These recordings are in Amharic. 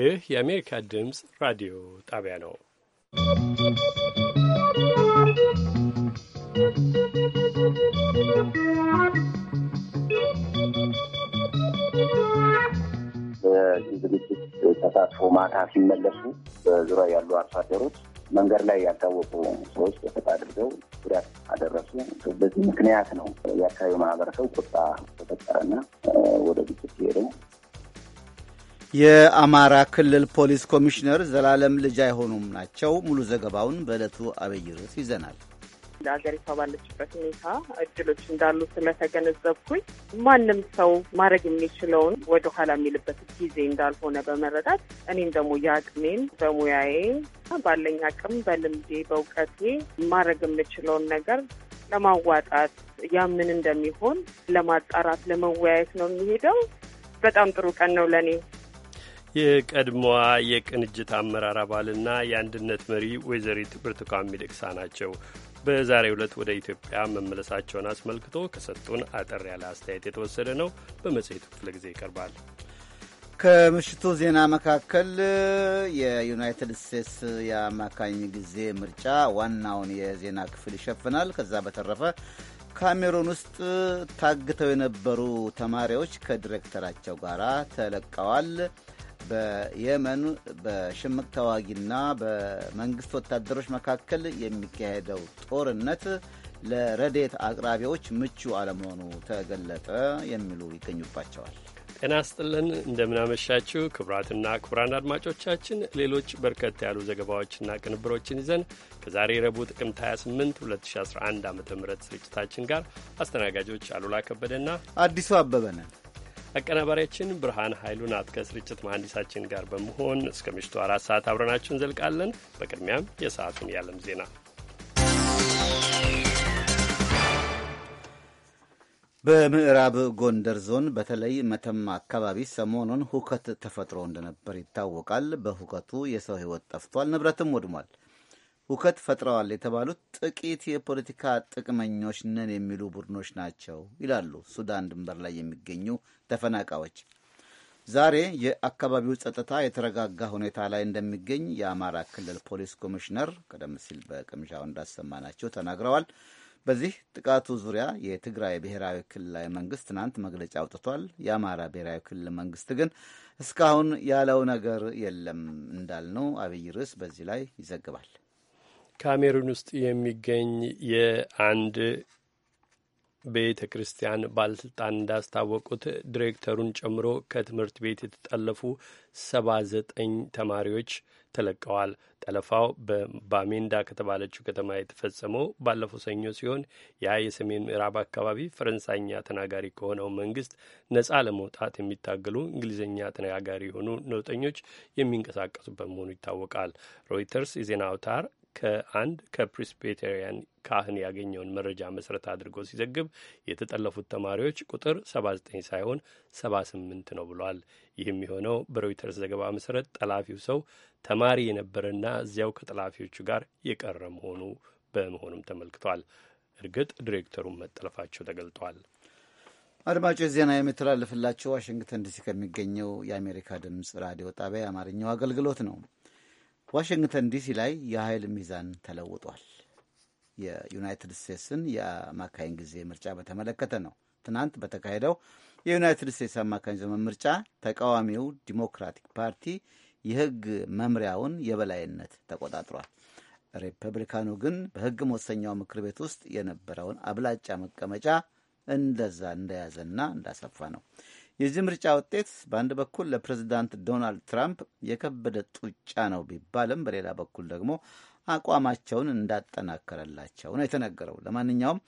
ይህ የአሜሪካ ድምፅ ራዲዮ ጣቢያ ነው። በዚህ ዝግጅት ተሳትፎ ማታ ሲመለሱ በዙሪያ ያሉ አርሶ አደሮች መንገድ ላይ ያልታወቁ ሰዎች በፈት አድርገው ጉዳት አደረሱ። በዚህ ምክንያት ነው የአካባቢው ማህበረሰብ ቁጣ ተፈጠረና ወደ ግጭት ሲሄደው የአማራ ክልል ፖሊስ ኮሚሽነር ዘላለም ልጅ አይሆኑም ናቸው። ሙሉ ዘገባውን በዕለቱ አብይ ርዕስ ይዘናል። ሀገሪቷ ባለችበት ሁኔታ እድሎች እንዳሉ ስለተገነዘብኩኝ ማንም ሰው ማድረግ የሚችለውን ወደ ኋላ የሚልበት ጊዜ እንዳልሆነ በመረዳት እኔም ደግሞ የአቅሜን በሙያዬ ባለኝ አቅም በልምዴ በእውቀቴ ማድረግ የምችለውን ነገር ለማዋጣት ያምን እንደሚሆን ለማጣራት ለመወያየት ነው የሚሄደው። በጣም ጥሩ ቀን ነው ለእኔ። የቀድሞዋ የቅንጅት አመራር አባልና የአንድነት መሪ ወይዘሪት ብርቱካን ሚደቅሳ ናቸው። በዛሬ ዕለት ወደ ኢትዮጵያ መመለሳቸውን አስመልክቶ ከሰጡን አጠር ያለ አስተያየት የተወሰደ ነው። በመጽሔቱ ክፍለ ጊዜ ይቀርባል። ከምሽቱ ዜና መካከል የዩናይትድ ስቴትስ የአማካኝ ጊዜ ምርጫ ዋናውን የዜና ክፍል ይሸፍናል። ከዛ በተረፈ ካሜሩን ውስጥ ታግተው የነበሩ ተማሪዎች ከዲሬክተራቸው ጋር ተለቀዋል። በየመን በሽምቅ ተዋጊና በመንግስት ወታደሮች መካከል የሚካሄደው ጦርነት ለረዴት አቅራቢዎች ምቹ አለመሆኑ ተገለጠ የሚሉ ይገኙባቸዋል። ጤና ስጥልን እንደምናመሻችው ክቡራትና ክቡራን አድማጮቻችን ሌሎች በርከት ያሉ ዘገባዎችና ቅንብሮችን ይዘን ከዛሬ ረቡዕ ጥቅምት 28 2011 ዓ ም ስርጭታችን ጋር አስተናጋጆች አሉላ ከበደና አዲሱ አበበ ነን። አቀናባሪያችን ብርሃን ኃይሉ ናት። ከስርጭት መሐንዲሳችን ጋር በመሆን እስከ ምሽቱ አራት ሰዓት አብረናችሁ እንዘልቃለን። በቅድሚያም የሰዓቱን የዓለም ዜና በምዕራብ ጎንደር ዞን በተለይ መተማ አካባቢ ሰሞኑን ሁከት ተፈጥሮ እንደነበር ይታወቃል። በሁከቱ የሰው ሕይወት ጠፍቷል፣ ንብረትም ወድሟል። ሁከት ፈጥረዋል የተባሉት ጥቂት የፖለቲካ ጥቅመኞች ነን የሚሉ ቡድኖች ናቸው ይላሉ ሱዳን ድንበር ላይ የሚገኙ ተፈናቃዮች። ዛሬ የአካባቢው ጸጥታ የተረጋጋ ሁኔታ ላይ እንደሚገኝ የአማራ ክልል ፖሊስ ኮሚሽነር ቀደም ሲል በቅምሻው እንዳሰማናቸው ተናግረዋል። በዚህ ጥቃቱ ዙሪያ የትግራይ ብሔራዊ ክልላዊ መንግስት ትናንት መግለጫ አውጥቷል። የአማራ ብሔራዊ ክልል መንግስት ግን እስካሁን ያለው ነገር የለም እንዳልነው አብይ ርዕስ በዚህ ላይ ይዘግባል። ካሜሩን ውስጥ የሚገኝ የአንድ ቤተ ክርስቲያን ባለስልጣን እንዳስታወቁት ዲሬክተሩን ጨምሮ ከትምህርት ቤት የተጠለፉ ሰባ ዘጠኝ ተማሪዎች ተለቀዋል። ጠለፋው በባሜንዳ ከተባለችው ከተማ የተፈጸመው ባለፈው ሰኞ ሲሆን ያ የሰሜን ምዕራብ አካባቢ ፈረንሳይኛ ተናጋሪ ከሆነው መንግስት ነጻ ለመውጣት የሚታገሉ እንግሊዝኛ ተናጋሪ የሆኑ ነውጠኞች የሚንቀሳቀሱበት መሆኑ ይታወቃል። ሮይተርስ የዜና አውታር ከአንድ ከፕሬስቤቴሪያን ካህን ያገኘውን መረጃ መሰረት አድርጎ ሲዘግብ የተጠለፉት ተማሪዎች ቁጥር 79 ሳይሆን 78 ነው ብሏል። ይህም የሆነው በሮይተርስ ዘገባ መሰረት ጠላፊው ሰው ተማሪ የነበረና እዚያው ከጠላፊዎቹ ጋር የቀረ መሆኑ በመሆኑም ተመልክቷል። እርግጥ ዲሬክተሩን መጠለፋቸው ተገልጧል። አድማጮች ዜና የሚተላለፍላቸው ዋሽንግተን ዲሲ ከሚገኘው የአሜሪካ ድምፅ ራዲዮ ጣቢያ የአማርኛው አገልግሎት ነው። ዋሽንግተን ዲሲ ላይ የኃይል ሚዛን ተለውጧል። የዩናይትድ ስቴትስን የአማካኝ ጊዜ ምርጫ በተመለከተ ነው። ትናንት በተካሄደው የዩናይትድ ስቴትስ አማካኝ ዘመን ምርጫ ተቃዋሚው ዲሞክራቲክ ፓርቲ የህግ መምሪያውን የበላይነት ተቆጣጥሯል። ሪፐብሊካኑ ግን በህግ መወሰኛው ምክር ቤት ውስጥ የነበረውን አብላጫ መቀመጫ እንደዛ እንደያዘና እንዳሰፋ ነው። የዚህ ምርጫ ውጤት በአንድ በኩል ለፕሬዚዳንት ዶናልድ ትራምፕ የከበደ ጡጫ ነው ቢባልም በሌላ በኩል ደግሞ አቋማቸውን እንዳጠናከረላቸው ነው የተነገረው። ለማንኛውም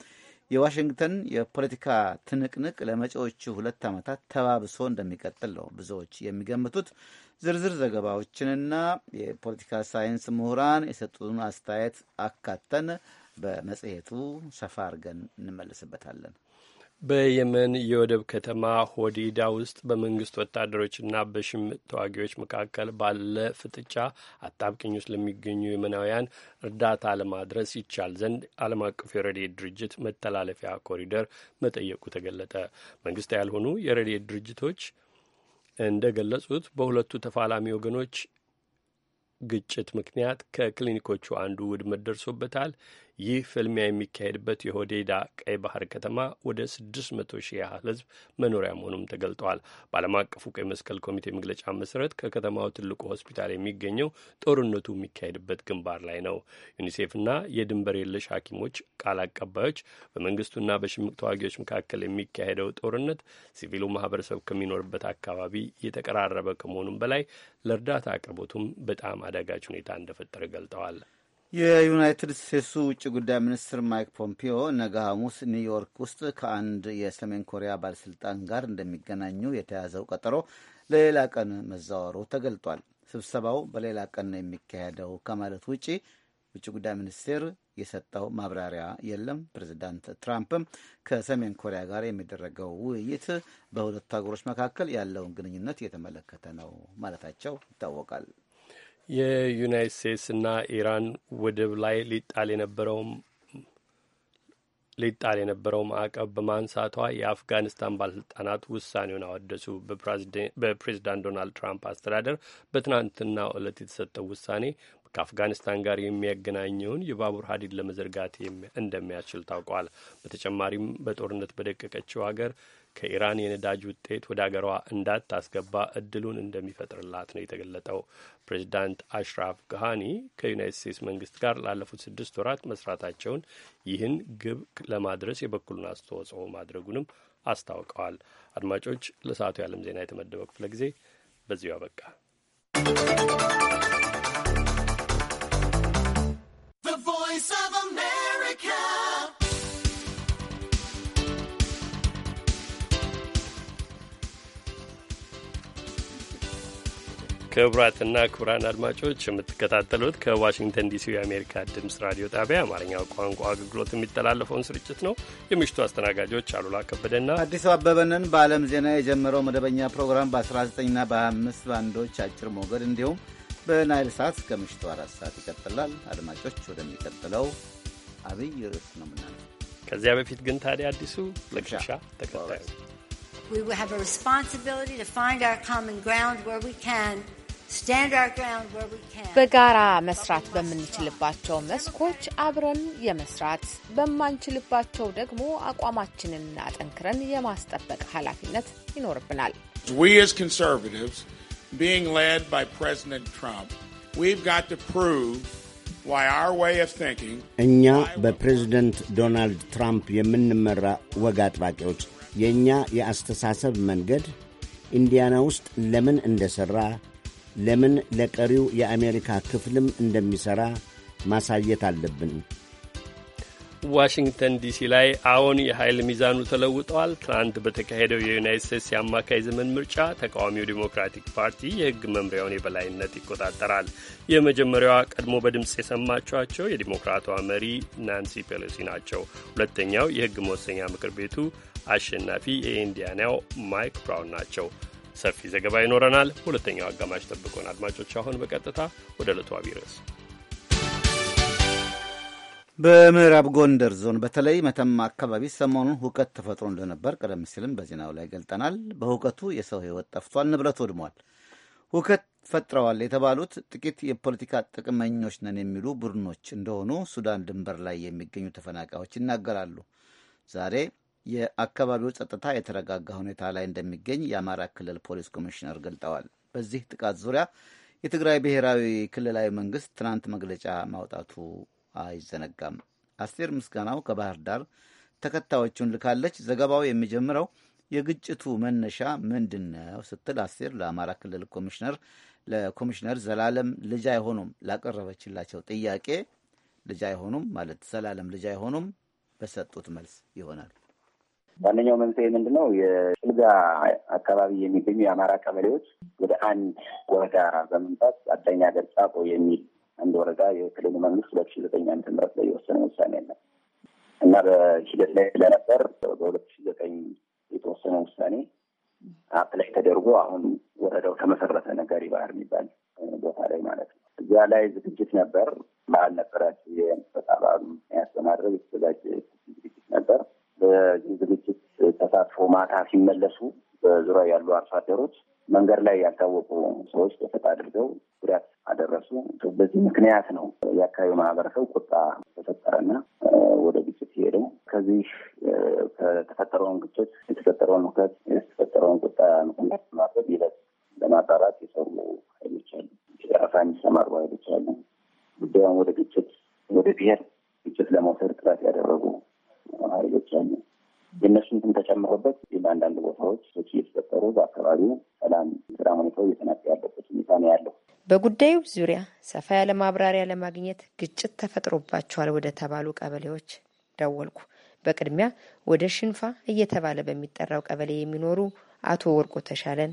የዋሽንግተን የፖለቲካ ትንቅንቅ ለመጪዎቹ ሁለት ዓመታት ተባብሶ እንደሚቀጥል ነው ብዙዎች የሚገምቱት። ዝርዝር ዘገባዎችንና የፖለቲካ ሳይንስ ምሁራን የሰጡን አስተያየት አካተን በመጽሔቱ ሰፋ አድርገን እንመልስበታለን። በየመን የወደብ ከተማ ሆዲዳ ውስጥ በመንግስት ወታደሮችና በሽምቅ ተዋጊዎች መካከል ባለ ፍጥጫ አጣብቅኝ ውስጥ ለሚገኙ የመናውያን እርዳታ ለማድረስ ይቻል ዘንድ ዓለም አቀፉ የረድኤት ድርጅት መተላለፊያ ኮሪደር መጠየቁ ተገለጠ። መንግስት ያልሆኑ የረድኤት ድርጅቶች እንደ ገለጹት በሁለቱ ተፋላሚ ወገኖች ግጭት ምክንያት ከክሊኒኮቹ አንዱ ውድመት ደርሶበታል። ይህ ፍልሚያ የሚካሄድበት የሆዴዳ ቀይ ባህር ከተማ ወደ 600 ሺህ ያህል ህዝብ መኖሪያ መሆኑም ተገልጧል። በዓለም አቀፉ ቀይ መስቀል ኮሚቴ መግለጫ መሰረት ከከተማው ትልቁ ሆስፒታል የሚገኘው ጦርነቱ የሚካሄድበት ግንባር ላይ ነው። ዩኒሴፍና የድንበር የለሽ ሐኪሞች ቃል አቀባዮች በመንግስቱና በሽምቅ ተዋጊዎች መካከል የሚካሄደው ጦርነት ሲቪሉ ማህበረሰብ ከሚኖርበት አካባቢ የተቀራረበ ከመሆኑም በላይ ለእርዳታ አቅርቦቱም በጣም አዳጋች ሁኔታ እንደፈጠረ ገልጠዋል። የዩናይትድ ስቴትሱ ውጭ ጉዳይ ሚኒስትር ማይክ ፖምፒዮ ነገ ሐሙስ ኒውዮርክ ውስጥ ከአንድ የሰሜን ኮሪያ ባለሥልጣን ጋር እንደሚገናኙ የተያዘው ቀጠሮ ለሌላ ቀን መዛወሩ ተገልጧል። ስብሰባው በሌላ ቀን ነው የሚካሄደው ከማለት ውጪ ውጭ ጉዳይ ሚኒስቴር የሰጠው ማብራሪያ የለም። ፕሬዚዳንት ትራምፕም ከሰሜን ኮሪያ ጋር የሚደረገው ውይይት በሁለቱ ሀገሮች መካከል ያለውን ግንኙነት እየተመለከተ ነው ማለታቸው ይታወቃል። የዩናይት ስቴትስና ኢራን ወደብ ላይ ሊጣል የነበረውም ሊጣል የነበረው ማዕቀብ በማንሳቷ የአፍጋኒስታን ባለስልጣናት ውሳኔውን አወደሱ። በፕሬዚዳንት ዶናልድ ትራምፕ አስተዳደር በትናንትና ዕለት የተሰጠው ውሳኔ ከአፍጋኒስታን ጋር የሚያገናኘውን የባቡር ሀዲድ ለመዘርጋት እንደሚያስችል ታውቋል። በተጨማሪም በጦርነት በደቀቀችው ሀገር ከኢራን የነዳጅ ውጤት ወደ አገሯ እንዳታስገባ እድሉን እንደሚፈጥርላት ነው የተገለጠው። ፕሬዚዳንት አሽራፍ ግሃኒ ከዩናይት ስቴትስ መንግስት ጋር ላለፉት ስድስት ወራት መስራታቸውን፣ ይህን ግብ ለማድረስ የበኩሉን አስተዋጽኦ ማድረጉንም አስታውቀዋል። አድማጮች፣ ለሰዓቱ የዓለም ዜና የተመደበው ክፍለ ጊዜ በዚሁ አበቃ። ክቡራትና ክቡራን አድማጮች የምትከታተሉት ከዋሽንግተን ዲሲ የአሜሪካ ድምፅ ራዲዮ ጣቢያ አማርኛው ቋንቋ አገልግሎት የሚተላለፈውን ስርጭት ነው። የምሽቱ አስተናጋጆች አሉላ ከበደና አዲሱ አበበንን በዓለም ዜና የጀመረው መደበኛ ፕሮግራም በ19ና በ25 ባንዶች አጭር ሞገድ እንዲሁም በናይል ሰዓት እስከ ምሽቱ አራት ሰዓት ይቀጥላል። አድማጮች ወደሚቀጥለው አብይ ርዕስ ነው ምናለው። ከዚያ በፊት ግን ታዲያ አዲሱ ለቅሻ ተከታዩ We have a responsibility to find our common ground where we can በጋራ መስራት በምንችልባቸው መስኮች አብረን የመስራት በማንችልባቸው ደግሞ አቋማችንን አጠንክረን የማስጠበቅ ኃላፊነት ይኖርብናል። እኛ በፕሬዝደንት ዶናልድ ትራምፕ የምንመራ ወግ አጥባቂዎች፣ የእኛ የአስተሳሰብ መንገድ ኢንዲያና ውስጥ ለምን እንደሠራ ለምን ለቀሪው የአሜሪካ ክፍልም እንደሚሠራ ማሳየት አለብን። ዋሽንግተን ዲሲ ላይ አሁን የኃይል ሚዛኑ ተለውጠዋል። ትናንት በተካሄደው የዩናይት ስቴትስ የአማካይ ዘመን ምርጫ ተቃዋሚው ዲሞክራቲክ ፓርቲ የሕግ መምሪያውን የበላይነት ይቆጣጠራል። የመጀመሪያዋ ቀድሞ በድምፅ የሰማችኋቸው የዲሞክራቷ መሪ ናንሲ ፔሎሲ ናቸው። ሁለተኛው የሕግ መወሰኛ ምክር ቤቱ አሸናፊ የኢንዲያናው ማይክ ብራውን ናቸው። ሰፊ ዘገባ ይኖረናል። ሁለተኛው አጋማሽ ጠብቆን አድማጮች፣ አሁን በቀጥታ ወደ ዕለቱ አብይ ርዕስ በምዕራብ ጎንደር ዞን በተለይ መተማ አካባቢ ሰሞኑን ሁከት ተፈጥሮ እንደነበር ቀደም ሲልም በዜናው ላይ ገልጠናል። በሁከቱ የሰው ሕይወት ጠፍቷል፣ ንብረት ወድሟል። ሁከት ፈጥረዋል የተባሉት ጥቂት የፖለቲካ ጥቅመኞች ነን የሚሉ ቡድኖች እንደሆኑ ሱዳን ድንበር ላይ የሚገኙ ተፈናቃዮች ይናገራሉ። ዛሬ የአካባቢው ጸጥታ የተረጋጋ ሁኔታ ላይ እንደሚገኝ የአማራ ክልል ፖሊስ ኮሚሽነር ገልጠዋል። በዚህ ጥቃት ዙሪያ የትግራይ ብሔራዊ ክልላዊ መንግስት ትናንት መግለጫ ማውጣቱ አይዘነጋም። አስቴር ምስጋናው ከባህር ዳር ተከታዮቹን ልካለች። ዘገባው የሚጀምረው የግጭቱ መነሻ ምንድን ነው ስትል አስቴር ለአማራ ክልል ኮሚሽነር ለኮሚሽነር ዘላለም ልጅ አይሆኑም ላቀረበችላቸው ጥያቄ ልጅ አይሆኑም ማለት ዘላለም ልጅ አይሆኑም በሰጡት መልስ ይሆናል። ዋነኛው መንስኤ ምንድን ነው? የጭልጋ አካባቢ የሚገኙ የአማራ ቀበሌዎች ወደ አንድ ወረዳ በመምጣት አዳኝ ሀገር ጻቆ የሚል አንድ ወረዳ የክልሉ መንግስት ሁለት ሺ ዘጠኝ ዓመተ ምህረት ላይ የወሰነ ውሳኔ አለ እና በሂደት ላይ ስለነበር በሁለት ሺ ዘጠኝ የተወሰነ ውሳኔ አፕላይ ተደርጎ አሁን ወረዳው ተመሰረተ። ነጋሪ ባህር የሚባል ቦታ ላይ ማለት ነው። እዚያ ላይ ዝግጅት ነበር። በዓል ነበራቸው የጸጣ በዓሉ ምክንያት የተዘጋጀ ዝግጅት ነበር። በዚህ ዝግጅት ተሳትፎ ማታ ሲመለሱ በዙሪያ ያሉ አርሶ አደሮች መንገድ ላይ ያልታወቁ ሰዎች ተፈጣ አድርገው ጉዳት አደረሱ። በዚህ ምክንያት ነው የአካባቢው ማህበረሰብ ቁጣ ተፈጠረና ወደ ግጭት ሲሄደው ከዚህ ከተፈጠረውን ግጭት የተፈጠረውን ሁከት የተፈጠረውን ቁጣ ምክንያት ማድረግ ይለት ለማጣራት የሰሩ ኃይሎች አሉ። የራሳ የሚሰማሩ ኃይሎች አሉ። ጉዳዩን ወደ ግጭት ወደ ብሄር ግጭት ለመውሰድ ጥረት ያደረጉ ሀይሎች አሉ። የእነሱን ስም ተጨምሮበት በአንዳንድ ቦታዎች ሰዎች እየተፈጠሩ በአካባቢው ሰላም ስራ ሁኔታው እየተናቀ ያለበት ሁኔታ ነው ያለው። በጉዳዩ ዙሪያ ሰፋ ያለ ማብራሪያ ለማግኘት ግጭት ተፈጥሮባቸዋል ወደ ተባሉ ቀበሌዎች ደወልኩ። በቅድሚያ ወደ ሽንፋ እየተባለ በሚጠራው ቀበሌ የሚኖሩ አቶ ወርቆ ተሻለን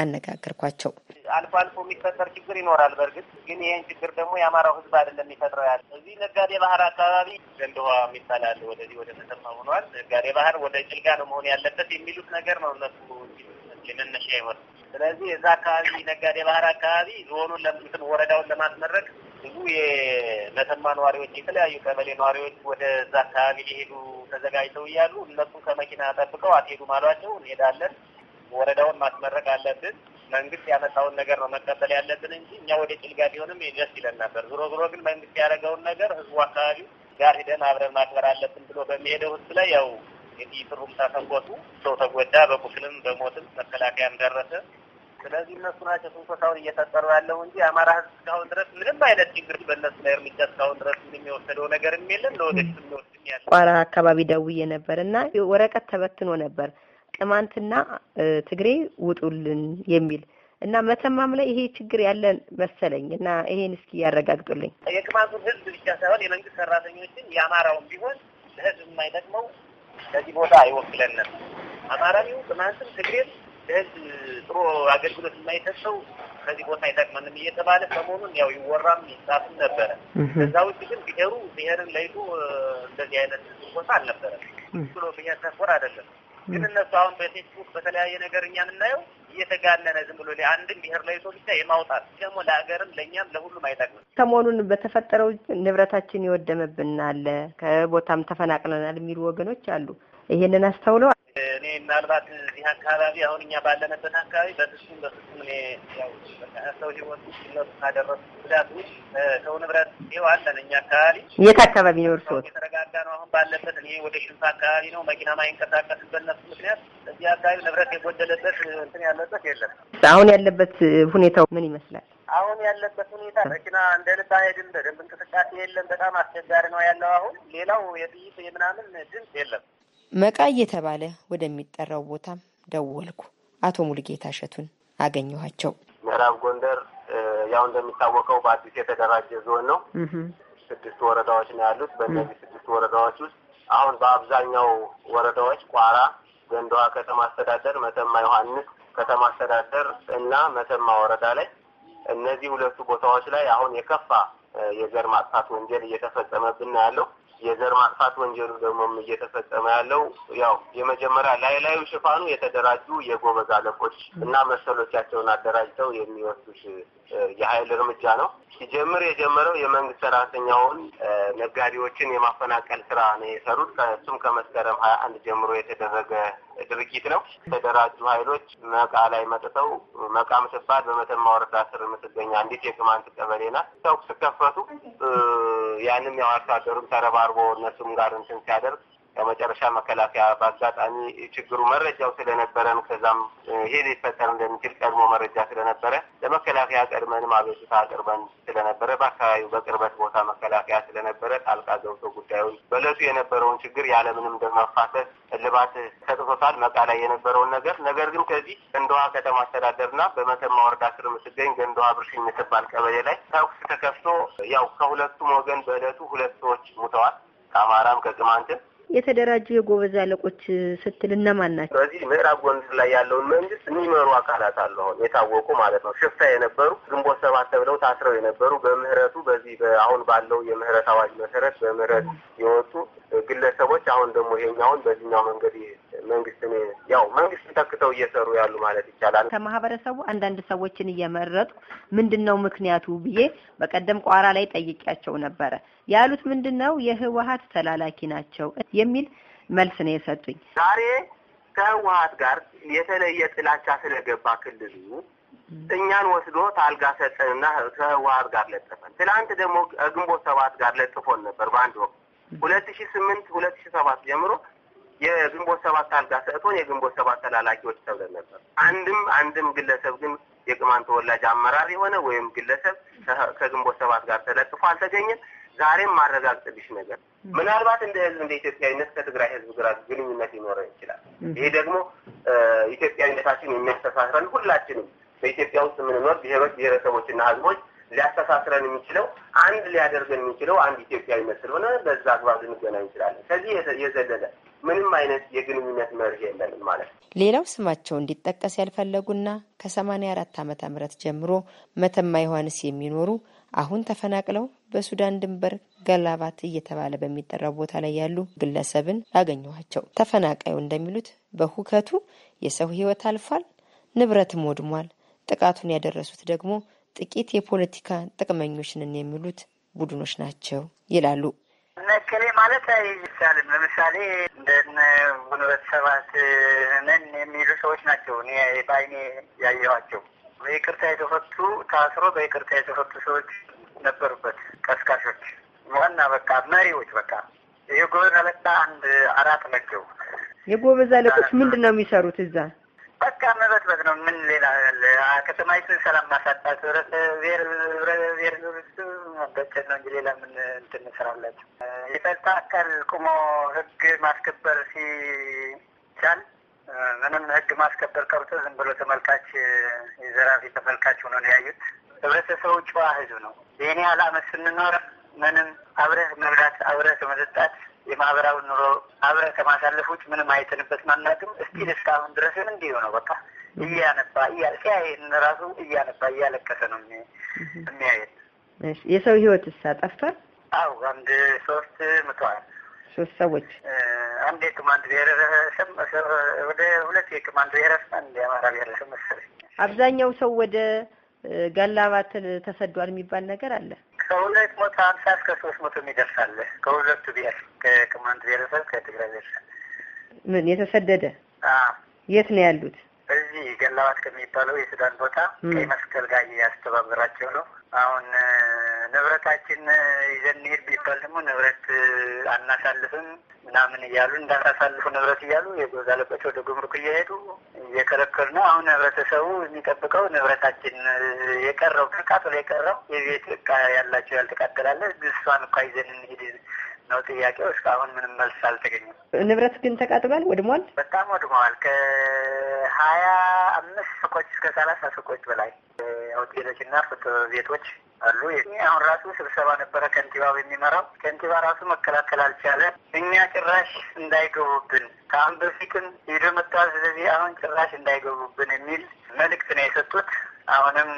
አነጋገርኳቸው። አልፎ አልፎ የሚፈጠር ችግር ይኖራል። በእርግጥ ግን ይህን ችግር ደግሞ የአማራው ሕዝብ አይደለም የሚፈጥረው ያለ እዚህ ነጋዴ ባህር አካባቢ ዘንድዋ የሚባላል ወደዚህ ወደ ተሰማ ሆኗል። ነጋዴ ባህር ወደ ጭልጋ ነው መሆን ያለበት የሚሉት ነገር ነው እነሱ መነሻ ይሆን። ስለዚህ የዛ አካባቢ ነጋዴ ባህር አካባቢ ዞኑን ለምትን ወረዳውን ለማስመረቅ ብዙ የመተማ ነዋሪዎች የተለያዩ ቀበሌ ነዋሪዎች ወደዛ አካባቢ ሊሄዱ ተዘጋጅተው እያሉ እነሱ ከመኪና ጠብቀው አትሄዱም አሏቸው። እንሄዳለን ወረዳውን ማስመረቅ አለብን። መንግስት ያመጣውን ነገር ነው መቀበል ያለብን እንጂ እኛ ወደ ጭልጋ ቢሆንም ደስ ይለን ነበር። ዞሮ ዞሮ ግን መንግስት ያደረገውን ነገር ህዝቡ አካባቢው ጋር ሂደን አብረን ማክበር አለብን ብሎ በሚሄደው ውስጥ ላይ ያው እንግዲህ ፍሩም ተንቆቱ፣ ሰው ተጎዳ፣ በቁስልም በሞትም መከላከያም ደረሰ። ስለዚህ እነሱ ናቸው ትንኮሳውን እየፈጠሩ ያለው እንጂ የአማራ ህዝብ እስካሁን ድረስ ምንም አይነት ችግር በእነሱ ላይ እርምጃ እስካሁን ድረስ የወሰደው ነገር የለም። ለወደፊት የሚወስድ ያለ ቋራ አካባቢ ደውዬ ነበር እና ወረቀት ተበትኖ ነበር ቅማንትና ትግሬ ውጡልን የሚል እና መተማም ላይ ይሄ ችግር ያለን መሰለኝ እና ይሄን እስኪ ያረጋግጡልኝ። የቅማንቱን ህዝብ ብቻ ሳይሆን የመንግስት ሰራተኞችን የአማራውን ቢሆን ለህዝብ የማይጠቅመው ከዚህ ቦታ አይወክለንም። አማራዊው ቅማንትም ትግሬም ለህዝብ ጥሩ አገልግሎት የማይሰጠው ከዚህ ቦታ አይጠቅመንም እየተባለ ሰሞኑን ያው ይወራም ይጻፍም ነበረ። እዛ ውጭ ግን ብሔሩ ብሔርን ለይቶ እንደዚህ አይነት ቦታ አልነበረም ብሎ ብሔር ተኮር አይደለም። ግን እነሱ አሁን በፌስቡክ በተለያየ ነገር እኛ የምናየው እየተጋነነ ዝም ብሎ አንድም ብሔር ላይ ሰው ብቻ የማውጣት ደግሞ ለሀገርም ለእኛም ለሁሉም አይጠቅምም። ሰሞኑን በተፈጠረው ንብረታችን ይወደመብናል፣ ከቦታም ተፈናቅለናል የሚሉ ወገኖች አሉ። ይሄንን አስተውለው እኔ ምናልባት እዚህ አካባቢ አሁን እኛ ባለንበት አካባቢ በፍጹም በፍጹም እኔ ያው ሰው ህይወት ሲነሱ ካደረሱ ጉዳት ውስጥ ሰው ንብረት ይው አለን እኛ አካባቢ። የት አካባቢ ነው እርስዎ? የተረጋጋ ነው አሁን ባለበት። እኔ ወደ ሽንፋ አካባቢ ነው መኪና ማይንቀሳቀስ በነሱ ምክንያት እዚህ አካባቢ ንብረት የጎደለበት እንትን ያለበት የለም። አሁን ያለበት ሁኔታው ምን ይመስላል? አሁን ያለበት ሁኔታ መኪና እንደ ልብ አይሄድም። በደንብ እንቅስቃሴ የለም። በጣም አስቸጋሪ ነው ያለው። አሁን ሌላው የጥይት የምናምን ድምፅ የለም። መቃ እየተባለ ወደሚጠራው ቦታ ደወልኩ። አቶ ሙሉጌታ እሸቱን አገኘኋቸው። ምዕራብ ጎንደር ያው እንደሚታወቀው በአዲስ የተደራጀ ዞን ነው። ስድስት ወረዳዎች ነው ያሉት። በእነዚህ ስድስት ወረዳዎች ውስጥ አሁን በአብዛኛው ወረዳዎች ቋራ፣ ገንዳዋ ከተማ አስተዳደር፣ መተማ ዮሐንስ ከተማ አስተዳደር እና መተማ ወረዳ ላይ እነዚህ ሁለቱ ቦታዎች ላይ አሁን የከፋ የዘር ማጥፋት ወንጀል እየተፈጸመብን ያለው የዘር ማጥፋት ወንጀሉ ደግሞ እየተፈጸመ ያለው ያው የመጀመሪያ ላይ ላዩ ሽፋኑ የተደራጁ የጎበዝ አለቆች እና መሰሎቻቸውን አደራጅተው የሚወስዱት የኃይል እርምጃ ነው። ሲጀምር የጀመረው የመንግስት ሰራተኛውን ነጋዴዎችን የማፈናቀል ስራ ነው የሰሩት። ከእሱም ከመስከረም ሀያ አንድ ጀምሮ የተደረገ ድርጊት ነው። የተደራጁ ኃይሎች መቃ ላይ መጥተው መቃ ምትባል በመተማ ወረዳ ስር የምትገኝ አንዲት የቅማንት ቀበሌ ናት። ተኩስ ከፈቱ። ያንም ያው አርሶ አደሩም ተረባርቦ እነሱም ጋር እንትን ሲያደርግ በመጨረሻ መከላከያ በአጋጣሚ ችግሩ መረጃው ስለነበረን ከዛም ይሄ ሊፈጠር እንደሚችል ቀድሞ መረጃ ስለነበረ ለመከላከያ ቀድመንም አቤቱታ አቅርበን ስለነበረ በአካባቢው በቅርበት ቦታ መከላከያ ስለነበረ ጣልቃ ገብቶ ጉዳዩን በእለቱ የነበረውን ችግር ያለምንም ደም መፋሰስ እልባት ሰጥቶታል። መቃ ላይ የነበረውን ነገር ነገር ግን ከዚህ ገንዳዋ ከተማ አስተዳደርና በመተማ ወረዳ ስር የምትገኝ ገንደዋ ብርሽ የምትባል ቀበሌ ላይ ተኩስ ተከፍቶ ያው ከሁለቱም ወገን በእለቱ ሁለት ሰዎች ሙተዋል። ከአማራም ከቅማንትን የተደራጁ የጎበዝ አለቆች ስትል እነማን ናቸው? በዚህ ምዕራብ ጎንደር ላይ ያለውን መንግስት የሚመሩ አካላት አሉ። አሁን የታወቁ ማለት ነው። ሽፍታ የነበሩ ግንቦት ሰባት ተብለው ታስረው የነበሩ በምህረቱ በዚህ አሁን ባለው የምህረት አዋጅ መሰረት በምህረት የወጡ ግለሰቦች አሁን ደግሞ ይሄኛውን በዚህኛው መንገድ መንግስት ያው መንግስትን ተክተው እየሰሩ ያሉ ማለት ይቻላል። ከማህበረሰቡ አንዳንድ ሰዎችን እየመረጡ ምንድን ነው ምክንያቱ ብዬ በቀደም ቋራ ላይ ጠይቂያቸው ነበረ። ያሉት ምንድን ነው የህወሀት ተላላኪ ናቸው የሚል መልስ ነው የሰጡኝ። ዛሬ ከህወሀት ጋር የተለየ ጥላቻ ስለገባ ክልሉ እኛን ወስዶ ታልጋ ሰጠንና ከህወሀት ጋር ለጠፈን። ትናንት ደግሞ ግንቦት ሰባት ጋር ለጥፎን ነበር። በአንድ ወቅት ሁለት ሺ ስምንት ሁለት ሺ ሰባት ጀምሮ የግንቦት ሰባት ታልጋ ሰጥቶን የግንቦት ሰባት ተላላኪዎች ተብለን ነበር። አንድም አንድም ግለሰብ ግን የቅማን ተወላጅ አመራር የሆነ ወይም ግለሰብ ከግንቦት ሰባት ጋር ተለጥፎ አልተገኘም። ዛሬም ማረጋግጥልሽ ነገር ምናልባት እንደ ህዝብ እንደ ኢትዮጵያዊነት ከትግራይ ህዝብ ግራ ግንኙነት ሊኖረን ይችላል። ይሄ ደግሞ ኢትዮጵያዊነታችን የሚያስተሳስረን ሁላችንም በኢትዮጵያ ውስጥ የምንኖር ብሔሮች፣ ብሔረሰቦችና ህዝቦች ሊያስተሳስረን የሚችለው አንድ ሊያደርገን የሚችለው አንድ ኢትዮጵያዊነት ስለሆነ በዛ አግባብ ልንገናኝ እንችላለን። ከዚህ የዘለለ ምንም አይነት የግንኙነት መርህ የለንም ማለት ነው። ሌላው ስማቸው እንዲጠቀስ ያልፈለጉና ከሰማኒያ አራት ዓመተ ምህረት ጀምሮ መተማ ዮሐንስ የሚኖሩ አሁን ተፈናቅለው በሱዳን ድንበር ገላባት እየተባለ በሚጠራው ቦታ ላይ ያሉ ግለሰብን አገኘኋቸው። ተፈናቃዩ እንደሚሉት በሁከቱ የሰው ሕይወት አልፏል፣ ንብረትም ወድሟል። ጥቃቱን ያደረሱት ደግሞ ጥቂት የፖለቲካ ጥቅመኞች ነን የሚሉት ቡድኖች ናቸው ይላሉ። መከሌ ማለት አይቻልም። ለምሳሌ እንደነ ጉንበት ሰባት ነን የሚሉ ሰዎች ናቸው። እኔ በአይኔ ያየኋቸው በይቅርታ የተፈቱ ታስሮ በይቅርታ የተፈቱ ሰዎች ነበሩበት ቀስቃሾች ዋና በቃ መሪዎች በቃ የጎበዝ አለቃ አንድ አራት መገቡ። የጎበዝ አለቆች ምንድን ነው የሚሰሩት እዛ? በቃ መበትበት ነው። ምን ሌላ ያለ ከተማይቱን ሰላም ማሳጣት ብሔርብሔር መበቸት ነው እንጂ ሌላ ምን እንትን ስራላቸው። የጸጥታ አካል ቁሞ ህግ ማስከበር ሲቻል ምንም ህግ ማስከበር ቀርቶ ዝም ብሎ ተመልካች የዘራፊ ተመልካች ሆኖ ነው ያዩት። ህብረተሰቡ ጨዋ ህዝብ ነው። የእኔ አላመት ስንኖር ምንም አብረህ መብላት፣ አብረህ ከመጠጣት የማህበራዊ ኑሮ አብረህ ከማሳለፎች ምንም አይተንበት ማናግም እስቲል እስካሁን ድረስም እንዲሁ ነው። በቃ እያነባ እያልቀ ይህን ራሱ እያነባ እያለቀሰ ነው የሚያየት። የሰው ህይወት እሳ ጠፍቷል። አው አንድ ሶስት ምተዋል። ሶስት ሰዎች አንድ የቅማንት ብሔረሰብ ወደ ሁለት የቅማንት ብሔረሰብ አንድ የአማራ ብሔረሰብ መሰለኝ። አብዛኛው ሰው ወደ ገላባትን ተሰዷል የሚባል ነገር አለ። ከሁለት መቶ ሀምሳ እስከ ሶስት መቶ የሚደርሳለ ከሁለቱ ብሔር ከቅማንት ብሔረሰብ ከትግራይ ብሔረሰብ ምን የተሰደደ የት ነው ያሉት? እዚህ ገላባት ከሚባለው የሱዳን ቦታ ቀይ መስቀል ጋር እያስተባበራቸው ነው አሁን ንብረታችን ይዘን ሄድ ቢባል ደግሞ ንብረት አናሳልፍም ምናምን እያሉ እንዳናሳልፉ ንብረት እያሉ የጎዛ ወደ ጉምሩክ እየሄዱ እየከለከሉ ነው። አሁን ህብረተሰቡ የሚጠብቀው ንብረታችን የቀረው ተቃጥሎ የቀረው የቤት እቃ ያላቸው ያልተቃጠላለ እሷን እኳ ይዘን እንሄድ ነው ጥያቄው። እስካሁን ምንም መልስ አልተገኘም። ንብረት ግን ተቃጥሏል፣ ወድሟል፣ በጣም ወድመዋል። ከሀያ አምስት ሱቆች እስከ ሰላሳ ሱቆች በላይ ሆቴሎች እና ፍትህ ቤቶች አሉ። አሁን ራሱ ስብሰባ ነበረ ከንቲባው የሚመራው ከንቲባ ራሱ መከላከል አልቻለ። እኛ ጭራሽ እንዳይገቡብን ከአሁን በፊትም ሄዶ መጥተዋል። ስለዚህ አሁን ጭራሽ እንዳይገቡብን የሚል መልእክት ነው የሰጡት። አሁንም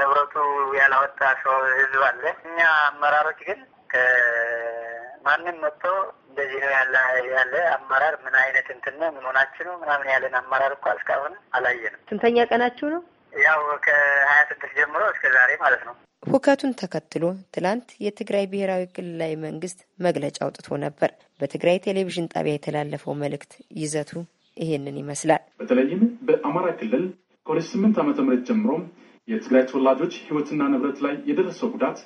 ንብረቱ ያላወጣ ሰው ህዝብ አለ። እኛ አመራሮች ግን ከማንም መጥቶ እንደዚህ ነው ያለ ያለ አመራር ምን አይነት እንትን ነው ምን ሆናችሁ ነው ምናምን ያለን አመራር እኳ እስካሁን አላየንም። ስንተኛ ቀናችሁ ነው? ያው ከሀያ ስድስት ጀምሮ እስከ ዛሬ ማለት ነው። ሁከቱን ተከትሎ ትላንት የትግራይ ብሔራዊ ክልላዊ መንግስት መግለጫ አውጥቶ ነበር። በትግራይ ቴሌቪዥን ጣቢያ የተላለፈው መልእክት ይዘቱ ይሄንን ይመስላል። በተለይም በአማራ ክልል ከሁለት ስምንት ዓመተ ምህረት ጀምሮ የትግራይ ተወላጆች ህይወትና ንብረት ላይ የደረሰው ጉዳት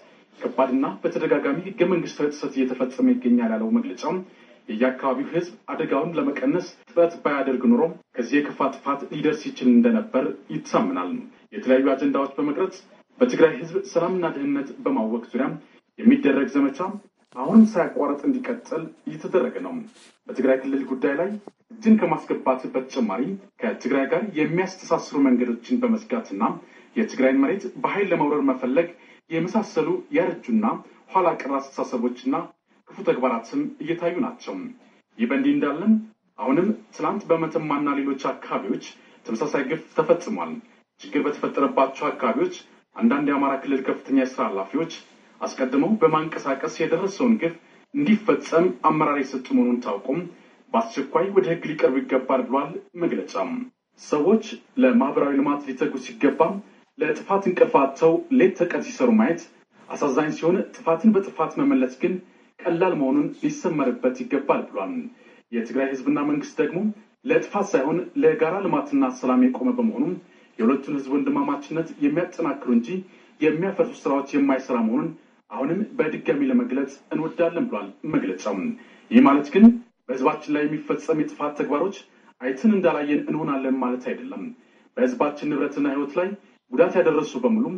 ከባድና በተደጋጋሚ ህገ መንግስታዊ ጥሰት እየተፈጸመ ይገኛል ያለው መግለጫው የየአካባቢው ህዝብ አደጋውን ለመቀነስ ጥረት ባያደርግ ኑሮ ከዚህ የከፋ ጥፋት ሊደርስ ይችል እንደነበር ይታመናል። የተለያዩ አጀንዳዎች በመቅረጽ በትግራይ ህዝብ ሰላምና ደህንነት በማወቅ ዙሪያ የሚደረግ ዘመቻ አሁንም ሳያቋረጥ እንዲቀጥል እየተደረገ ነው። በትግራይ ክልል ጉዳይ ላይ እጅን ከማስገባት በተጨማሪ ከትግራይ ጋር የሚያስተሳስሩ መንገዶችን በመዝጋትና የትግራይን መሬት በኃይል ለመውረር መፈለግ የመሳሰሉ ያረጁና ኋላ ቀር አስተሳሰቦችና ክፉ ተግባራት እየታዩ ናቸው። ይህ በእንዲህ እንዳለን አሁንም ትናንት በመተማና ሌሎች አካባቢዎች ተመሳሳይ ግፍ ተፈጽሟል። ችግር በተፈጠረባቸው አካባቢዎች አንዳንድ የአማራ ክልል ከፍተኛ የስራ ኃላፊዎች አስቀድመው በማንቀሳቀስ የደረሰውን ግፍ እንዲፈጸም አመራር የሰጡ መሆኑን ታውቁም በአስቸኳይ ወደ ሕግ ሊቀርብ ይገባል ብሏል መግለጫም። ሰዎች ለማህበራዊ ልማት ሊተጉ ሲገባም ለጥፋት እንቅልፍ አጥተው ሌት ተቀን ሲሰሩ ማየት አሳዛኝ ሲሆን፣ ጥፋትን በጥፋት መመለስ ግን ቀላል መሆኑን ሊሰመርበት ይገባል ብሏል። የትግራይ ህዝብና መንግስት ደግሞ ለጥፋት ሳይሆን ለጋራ ልማትና ሰላም የቆመ በመሆኑም የሁለቱን ህዝብ ወንድማማችነት የሚያጠናክሩ እንጂ የሚያፈርሱ ስራዎች የማይሰራ መሆኑን አሁንም በድጋሚ ለመግለጽ እንወዳለን ብሏል መግለጫው። ይህ ማለት ግን በህዝባችን ላይ የሚፈጸም የጥፋት ተግባሮች አይትን እንዳላየን እንሆናለን ማለት አይደለም። በህዝባችን ንብረትና ህይወት ላይ ጉዳት ያደረሱ በሙሉም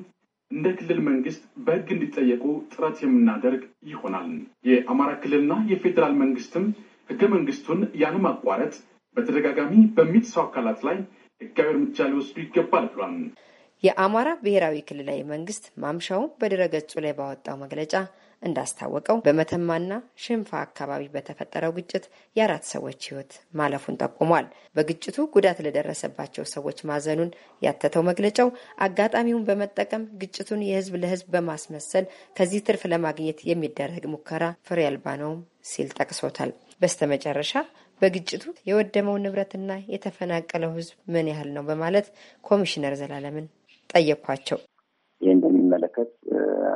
እንደ ክልል መንግስት በህግ እንዲጠየቁ ጥረት የምናደርግ ይሆናል። የአማራ ክልልና የፌዴራል መንግስትም ህገ መንግስቱን ያለማቋረጥ በተደጋጋሚ በሚጥሰው አካላት ላይ ህጋዊ እርምጃ ሊወስዱ ይገባል ብሏል። የአማራ ብሔራዊ ክልላዊ መንግስት ማምሻውን በድረገጹ ላይ ባወጣው መግለጫ እንዳስታወቀው በመተማና ሽንፋ አካባቢ በተፈጠረው ግጭት የአራት ሰዎች ህይወት ማለፉን ጠቁሟል። በግጭቱ ጉዳት ለደረሰባቸው ሰዎች ማዘኑን ያተተው መግለጫው አጋጣሚውን በመጠቀም ግጭቱን የህዝብ ለህዝብ በማስመሰል ከዚህ ትርፍ ለማግኘት የሚደረግ ሙከራ ፍሬ አልባ ነውም ሲል ጠቅሶታል። በስተመጨረሻ በግጭቱ የወደመው ንብረትና የተፈናቀለው ህዝብ ምን ያህል ነው በማለት ኮሚሽነር ዘላለምን ጠየኳቸው። ይህ እንደሚመለከት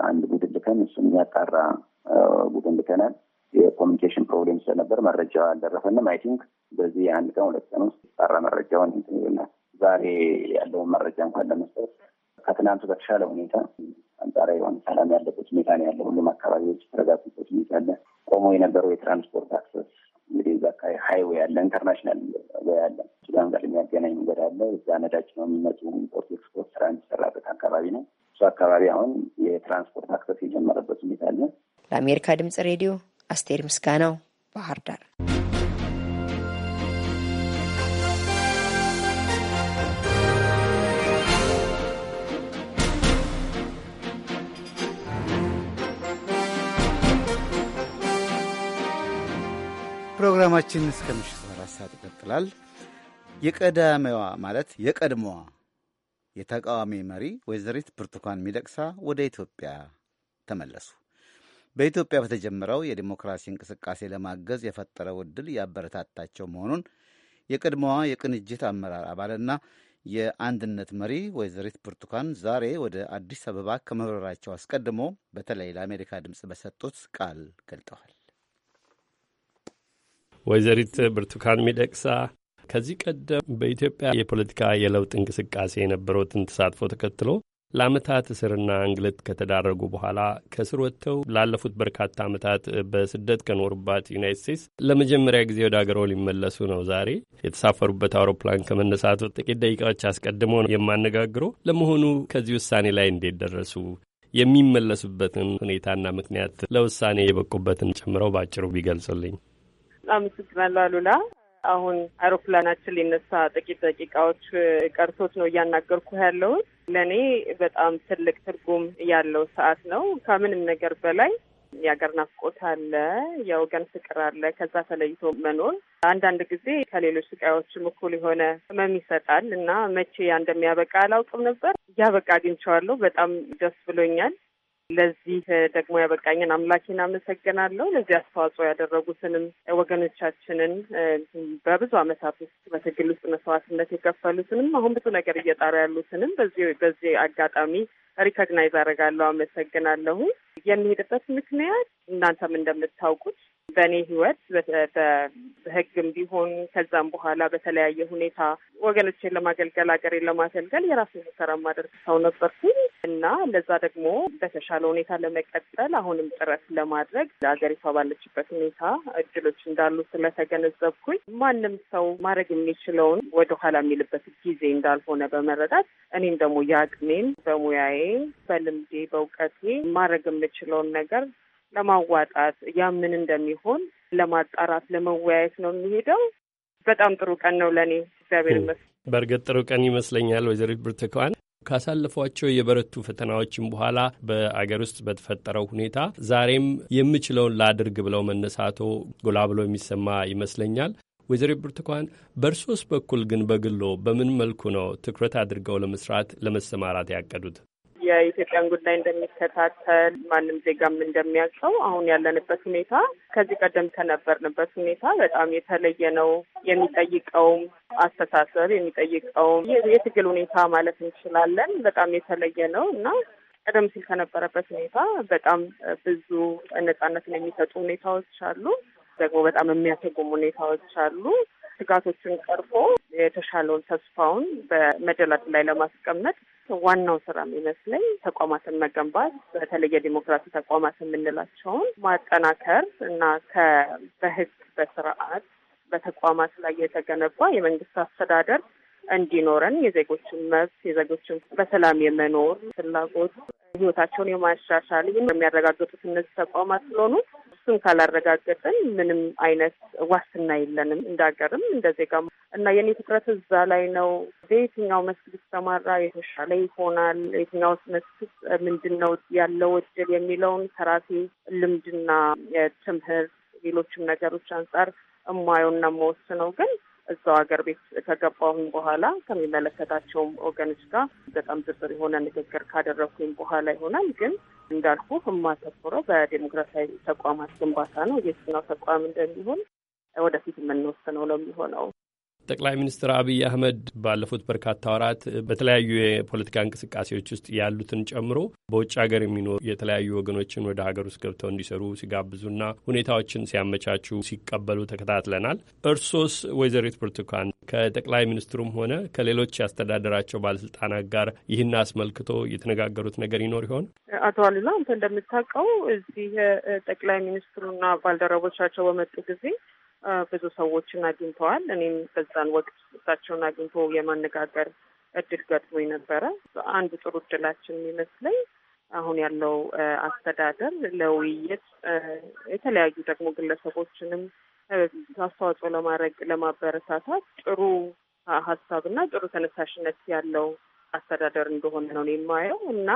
አንድ ልከን እሱን የሚያጣራ ቡድን ልከናል። የኮሚኒኬሽን ፕሮብሌም ስለነበር መረጃ አልደረሰንም። አይ ቲንክ በዚህ የአንድ ቀን ሁለት ቀን ውስጥ ጣራ መረጃውን እንትን ይልናል። ዛሬ ያለውን መረጃ እንኳን ለመስጠት ከትናንቱ በተሻለ ሁኔታ አንጻራዊ የሆነ ሰላም ያለበት ሁኔታ ነው ያለ። ሁሉም አካባቢዎች ተረጋጉበት ሁኔታ አለ። ቆሞ የነበረው የትራንስፖርት አክሰስ እንግዲህ እዛ አካባቢ ሀይዌ ያለ ኢንተርናሽናል ወይ ያለ ሱዳን ጋር የሚያገናኝ መንገድ አለ። እዛ ነዳጅ ነው የሚመጡ ኢምፖርት ኤክስፖርት ስራ የሚሰራበት አካባቢ ነው። እሱ አካባቢ አሁን የትራንስፖርት አክሰስ የጀመረበት ሁኔታ አለ። ለአሜሪካ ድምጽ ሬዲዮ አስቴር ምስጋናው ባህር ዳር። ፕሮግራማችን እስከ ምሽት አራት ሰዓት ይቀጥላል። የቀዳሚዋ ማለት የቀድሞዋ የተቃዋሚ መሪ ወይዘሪት ብርቱካን ሚደቅሳ ወደ ኢትዮጵያ ተመለሱ። በኢትዮጵያ በተጀመረው የዲሞክራሲ እንቅስቃሴ ለማገዝ የፈጠረው ዕድል ያበረታታቸው መሆኑን የቀድሞዋ የቅንጅት አመራር አባልና የአንድነት መሪ ወይዘሪት ብርቱካን ዛሬ ወደ አዲስ አበባ ከመብረራቸው አስቀድሞ በተለይ ለአሜሪካ ድምፅ በሰጡት ቃል ገልጠዋል። ወይዘሪት ብርቱካን ሚደቅሳ ከዚህ ቀደም በኢትዮጵያ የፖለቲካ የለውጥ እንቅስቃሴ የነበሩትን ተሳትፎ ተከትሎ ለአመታት እስርና እንግልት ከተዳረጉ በኋላ ከእስር ወጥተው ላለፉት በርካታ ዓመታት በስደት ከኖሩባት ዩናይት ስቴትስ ለመጀመሪያ ጊዜ ወደ አገሮ ሊመለሱ ነው። ዛሬ የተሳፈሩበት አውሮፕላን ከመነሳቱ ጥቂት ደቂቃዎች አስቀድሞ ነው የማነጋግሮ። ለመሆኑ ከዚህ ውሳኔ ላይ እንዴት ደረሱ? የሚመለሱበትን ሁኔታና ምክንያት ለውሳኔ የበቁበትን ጨምረው በአጭሩ ቢገልጹልኝ። አመሰግናለሁ አሉላ። አሁን አውሮፕላናችን ሊነሳ ጥቂት ደቂቃዎች ቀርቶት ነው እያናገርኩ ያለው ለእኔ በጣም ትልቅ ትርጉም ያለው ሰዓት ነው። ከምንም ነገር በላይ የሀገር ናፍቆት አለ፣ የወገን ፍቅር አለ። ከዛ ተለይቶ መኖር አንዳንድ ጊዜ ከሌሎች ስቃዮችም እኩል የሆነ ህመም ይሰጣል እና መቼ ያ እንደሚያበቃ አላውቅም ነበር። እያበቃ አግኝቼዋለሁ። በጣም ደስ ብሎኛል። ለዚህ ደግሞ ያበቃኝን አምላኬን አመሰግናለሁ። ለዚህ አስተዋጽኦ ያደረጉትንም ወገኖቻችንን በብዙ ዓመታት ውስጥ በትግል ውስጥ መስዋዕትነት የከፈሉትንም አሁን ብዙ ነገር እየጣሩ ያሉትንም በዚህ በዚህ አጋጣሚ ሪኮግናይዝ አደርጋለሁ፣ አመሰግናለሁ። የሚሄድበት ምክንያት እናንተም እንደምታውቁት በእኔ ህይወት በህግም ቢሆን ከዛም በኋላ በተለያየ ሁኔታ ወገኖችን ለማገልገል ሀገሬን ለማገልገል የራሴን ሙከራ ማደርግ ሰው ነበርኩኝ እና ለዛ ደግሞ በተሻለ ሁኔታ ለመቀጠል አሁንም ጥረት ለማድረግ ለሀገሪቷ ባለችበት ሁኔታ እድሎች እንዳሉ ስለተገነዘብኩኝ ማንም ሰው ማድረግ የሚችለውን ወደኋላ የሚልበት ጊዜ እንዳልሆነ በመረዳት እኔም ደግሞ የአቅሜን በሙያዬ፣ በልምዴ፣ በእውቀቴ ማድረግ የምችለውን ነገር ለማዋጣት ያምን ምን እንደሚሆን ለማጣራት ለመወያየት ነው የሚሄደው። በጣም ጥሩ ቀን ነው ለእኔ እግዚአብሔር ይመስገን። በእርግጥ ጥሩ ቀን ይመስለኛል። ወይዘሪት ብርቱካን ካሳለፏቸው የበረቱ ፈተናዎችም በኋላ በአገር ውስጥ በተፈጠረው ሁኔታ ዛሬም የምችለውን ላድርግ ብለው መነሳቶ ጎላ ብሎ የሚሰማ ይመስለኛል። ወይዘሪት ብርቱካን በእርሶስ በኩል ግን በግሎ በምን መልኩ ነው ትኩረት አድርገው ለመስራት ለመሰማራት ያቀዱት? የኢትዮጵያን ጉዳይ እንደሚከታተል ማንም ዜጋም እንደሚያውቀው አሁን ያለንበት ሁኔታ ከዚህ ቀደም ከነበርንበት ሁኔታ በጣም የተለየ ነው። የሚጠይቀውም አስተሳሰብ የሚጠይቀውም የትግል ሁኔታ ማለት እንችላለን በጣም የተለየ ነው እና ቀደም ሲል ከነበረበት ሁኔታ በጣም ብዙ ነጻነትን የሚሰጡ ሁኔታዎች አሉ። ደግሞ በጣም የሚያሰጉም ሁኔታዎች አሉ። ስጋቶችን ቀርፎ የተሻለውን ተስፋውን በመደላድ ላይ ለማስቀመጥ ዋናው ስራ የሚመስለኝ ተቋማትን መገንባት በተለይ የዲሞክራሲ ተቋማት የምንላቸውን ማጠናከር እና በህግ በስርዓት በተቋማት ላይ የተገነባ የመንግስት አስተዳደር እንዲኖረን የዜጎችን መብት የዜጎችን በሰላም የመኖር ፍላጎት ህይወታቸውን የማሻሻል የሚያረጋግጡት እነዚህ ተቋማት ስለሆኑ እሱን ካላረጋገጥን ምንም አይነት ዋስትና የለንም እንደ ሀገርም እንደ ዜጋም እና የኔ ትኩረት እዛ ላይ ነው። በየትኛው መስክ ተማራ የተሻለ ይሆናል፣ የትኛው መስክ ምንድን ነው ያለው እድል የሚለውን ከራሴ ልምድና ትምህርት ሌሎችም ነገሮች አንጻር እማየውና መወስነው ግን እዛው ሀገር ቤት ከገባሁም በኋላ ከሚመለከታቸውም ወገኖች ጋር በጣም ዝርዝር የሆነ ንግግር ካደረግኩኝ በኋላ ይሆናል። ግን እንዳልኩ የማተኩረው በዴሞክራሲያዊ ተቋማት ግንባታ ነው። የትኛው ተቋም እንደሚሆን ወደፊት የምንወስነው ነው የሚሆነው። ጠቅላይ ሚኒስትር አብይ አህመድ ባለፉት በርካታ ወራት በተለያዩ የፖለቲካ እንቅስቃሴዎች ውስጥ ያሉትን ጨምሮ በውጭ ሀገር የሚኖሩ የተለያዩ ወገኖችን ወደ ሀገር ውስጥ ገብተው እንዲሰሩ ሲጋብዙና ሁኔታዎችን ሲያመቻቹ ሲቀበሉ ተከታትለናል። እርሶስ ወይዘሪት ብርቱካን ከጠቅላይ ሚኒስትሩም ሆነ ከሌሎች ያስተዳደራቸው ባለስልጣናት ጋር ይህን አስመልክቶ የተነጋገሩት ነገር ይኖር ይሆን? አቶ አሉላ አንተ እንደምታውቀው እዚህ ጠቅላይ ሚኒስትሩና ባልደረቦቻቸው በመጡ ጊዜ ብዙ ሰዎችን አግኝተዋል። እኔም በዛን ወቅት እሳቸውን አግኝቶ የማነጋገር እድል ገጥሞ ነበረ። አንድ ጥሩ እድላችን የሚመስለኝ አሁን ያለው አስተዳደር ለውይይት የተለያዩ ደግሞ ግለሰቦችንም አስተዋጽኦ ለማድረግ ለማበረታታት ጥሩ ሀሳብና ጥሩ ተነሳሽነት ያለው አስተዳደር እንደሆነ ነው የማየው እና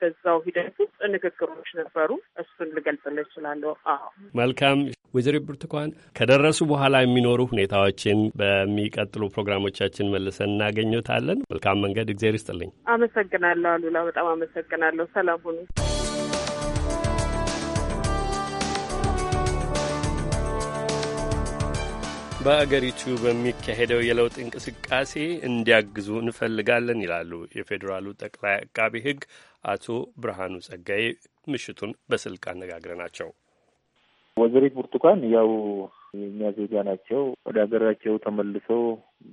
በዛው ሂደት ውስጥ ንግግሮች ነበሩ። እሱን ልገልጽልህ እችላለሁ። መልካም ወይዘሮ ብርቱካን ከደረሱ በኋላ የሚኖሩ ሁኔታዎችን በሚቀጥሉ ፕሮግራሞቻችን መልሰን እናገኘታለን። መልካም መንገድ። እግዜር ይስጥልኝ። አመሰግናለሁ አሉላ። በጣም አመሰግናለሁ። ሰላም ሁኑ። በአገሪቱ በሚካሄደው የለውጥ እንቅስቃሴ እንዲያግዙ እንፈልጋለን ይላሉ የፌዴራሉ ጠቅላይ አቃቤ ሕግ አቶ ብርሃኑ ጸጋዬ ምሽቱን በስልክ አነጋግረናቸው። ወይዘሪት ብርቱካን ያው የእኛ ዜጋ ናቸው። ወደ ሀገራቸው ተመልሶ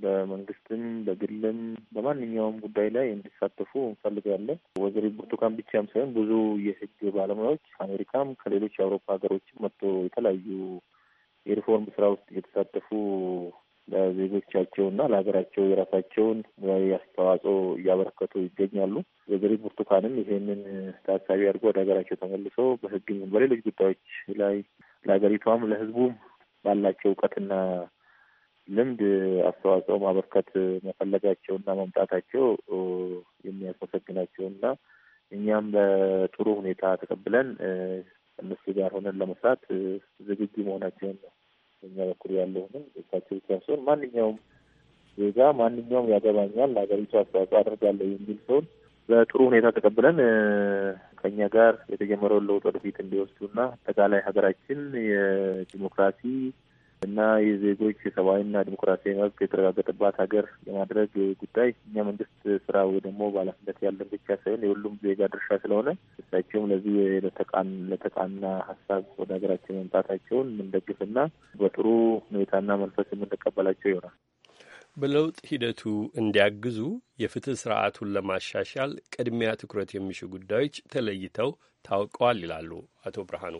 በመንግስትም በግልም በማንኛውም ጉዳይ ላይ እንዲሳተፉ እንፈልጋለን። ወይዘሪት ብርቱካን ብቻም ሳይሆን ብዙ የህግ ባለሙያዎች ከአሜሪካም ከሌሎች የአውሮፓ ሀገሮችም መጥቶ የተለያዩ የሪፎርም ስራ ውስጥ እየተሳተፉ ለዜጎቻቸውና ለሀገራቸው የራሳቸውን ሙያዊ አስተዋጽኦ እያበረከቱ ይገኛሉ። ወይዘሪት ብርቱካንም ይሄንን ታሳቢ አድርጎ ወደ ሀገራቸው ተመልሰው በሕግም በሌሎች ጉዳዮች ላይ ለሀገሪቷም ለሕዝቡም ባላቸው እውቀትና ልምድ አስተዋጽኦ ማበርከት መፈለጋቸውና መምጣታቸው የሚያስመሰግናቸውና እኛም በጥሩ ሁኔታ ተቀብለን እነሱ ጋር ሆነን ለመስራት ዝግጁ መሆናቸውን ነው በኛ በኩል ያለውንም ብቻ ሲሆን ማንኛውም ዜጋ ማንኛውም ያገባኛል ለሀገሪቱ አስተዋጽኦ አድርጋለሁ የሚል ሰውን በጥሩ ሁኔታ ተቀብለን ከኛ ጋር የተጀመረውን ለውጥ ወደፊት እንዲወስዱና አጠቃላይ ሀገራችን የዲሞክራሲ እና የዜጎች የሰብአዊና ዲሞክራሲያዊ መብት የተረጋገጠባት ሀገር የማድረግ ጉዳይ እኛ መንግስት ስራ ወይ ደግሞ በኃላፊነት ያለን ብቻ ሳይሆን የሁሉም ዜጋ ድርሻ ስለሆነ እሳቸውም ለዚህ ለተቃና ሀሳብ ወደ ሀገራችን መምጣታቸውን የምንደግፍና በጥሩ ሁኔታና መንፈስ የምንቀበላቸው ይሆናል። በለውጥ ሂደቱ እንዲያግዙ የፍትህ ስርዓቱን ለማሻሻል ቅድሚያ ትኩረት የሚሹ ጉዳዮች ተለይተው ታውቀዋል ይላሉ አቶ ብርሃኑ።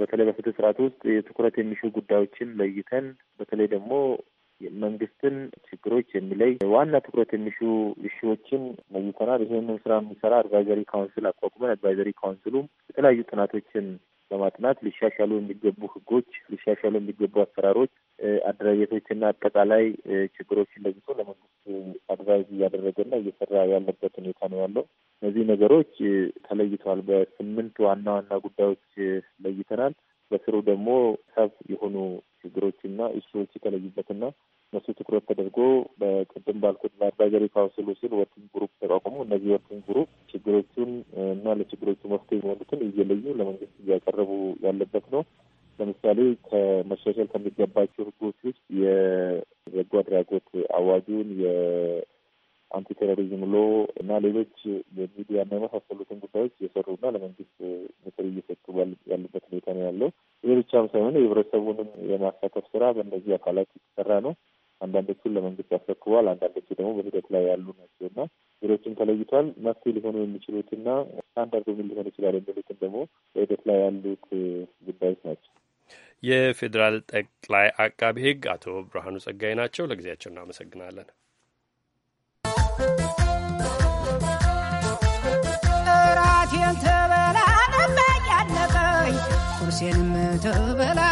በተለይ በፍትህ ስርዓት ውስጥ የትኩረት የሚሹ ጉዳዮችን ለይተን በተለይ ደግሞ መንግስትን ችግሮች የሚለይ ዋና ትኩረት የሚሹ እሺዎችን ለይተናል። ይህንን ስራ የሚሰራ አድቫይዘሪ ካውንስል አቋቁመን አድቫይዘሪ ካውንስሉም የተለያዩ ጥናቶችን በማጥናት ሊሻሻሉ የሚገቡ ህጎች፣ ሊሻሻሉ የሚገቡ አሰራሮች፣ አደራጀቶችና አጠቃላይ ችግሮችን ለይቶ ለመንግስት አድቫይዝ እያደረገና እየሰራ ያለበት ሁኔታ ነው ያለው። እነዚህ ነገሮች ተለይተዋል። በስምንት ዋና ዋና ጉዳዮች ለይተናል። በስሩ ደግሞ ሰብ የሆኑ ችግሮችና እሱዎች የተለዩበትና እነሱ ትኩረት ተደርጎ በቅድም ባልኩት በአድቫይዘሪ ካውንስሎችን ወርኪንግ ግሩፕ ተቋቁሞ እነዚህ ወርኪንግ ግሩፕ ችግሮቹን እና ለችግሮቹ መፍትሄ የሚሆኑትን እየለዩ ለመንግስት እያቀረቡ ያለበት ነው። ለምሳሌ ከመሻሻል ከሚገባቸው ህጎች ውስጥ የበጎ አድራጎት አዋጁን፣ የአንቲ ቴሮሪዝም ሎ እና ሌሎች የሚዲያ እና የመሳሰሉትን ጉዳዮች እየሰሩና ለመንግስት ምክር እየሰጡ ያሉበት ሁኔታ ነው ያለው። ይህ ብቻም ሳይሆን የህብረተሰቡንም የማሳተፍ ስራ በእነዚህ አካላት የተሰራ ነው። አንዳንዶቹን ለመንግስት ያስረክቧል። አንዳንዶቹ ደግሞ በሂደት ላይ ያሉ ናቸው እና ሌሎችም ተለይቷል። መፍትሄ ሊሆኑ የሚችሉትና ስታንዳርዱ ምን ሊሆን ይችላል የሚሉትን ደግሞ በሂደት ላይ ያሉት ጉዳዮች ናቸው። የፌዴራል ጠቅላይ አቃቢ ህግ አቶ ብርሃኑ ጸጋይ ናቸው። ለጊዜያቸው እናመሰግናለን። ራቴን ትበላ ነበር ያለቀኝ፣ ቁርሴንም ትበላ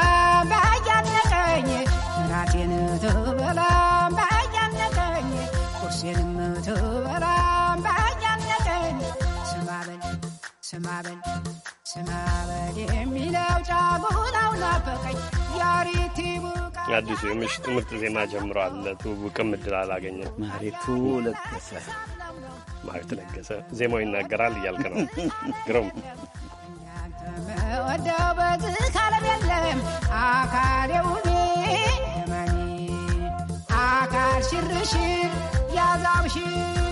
ስማበል ስማበል የሚለው ጫጉላው ናፈቀኝ አዲሱ የምሽቱ ትምህርት ዜማ ጀምሯል። ለትውውቅም እድል አላገኘ ማሬቱ ለገሰ ማሬቱ ለገሰ ዜማው ይናገራል እያልክ ነው። ግሩም ወደው በዚህ ካለም የለም አካሌው መኒ አካል ሽርሽር ያዛምሽር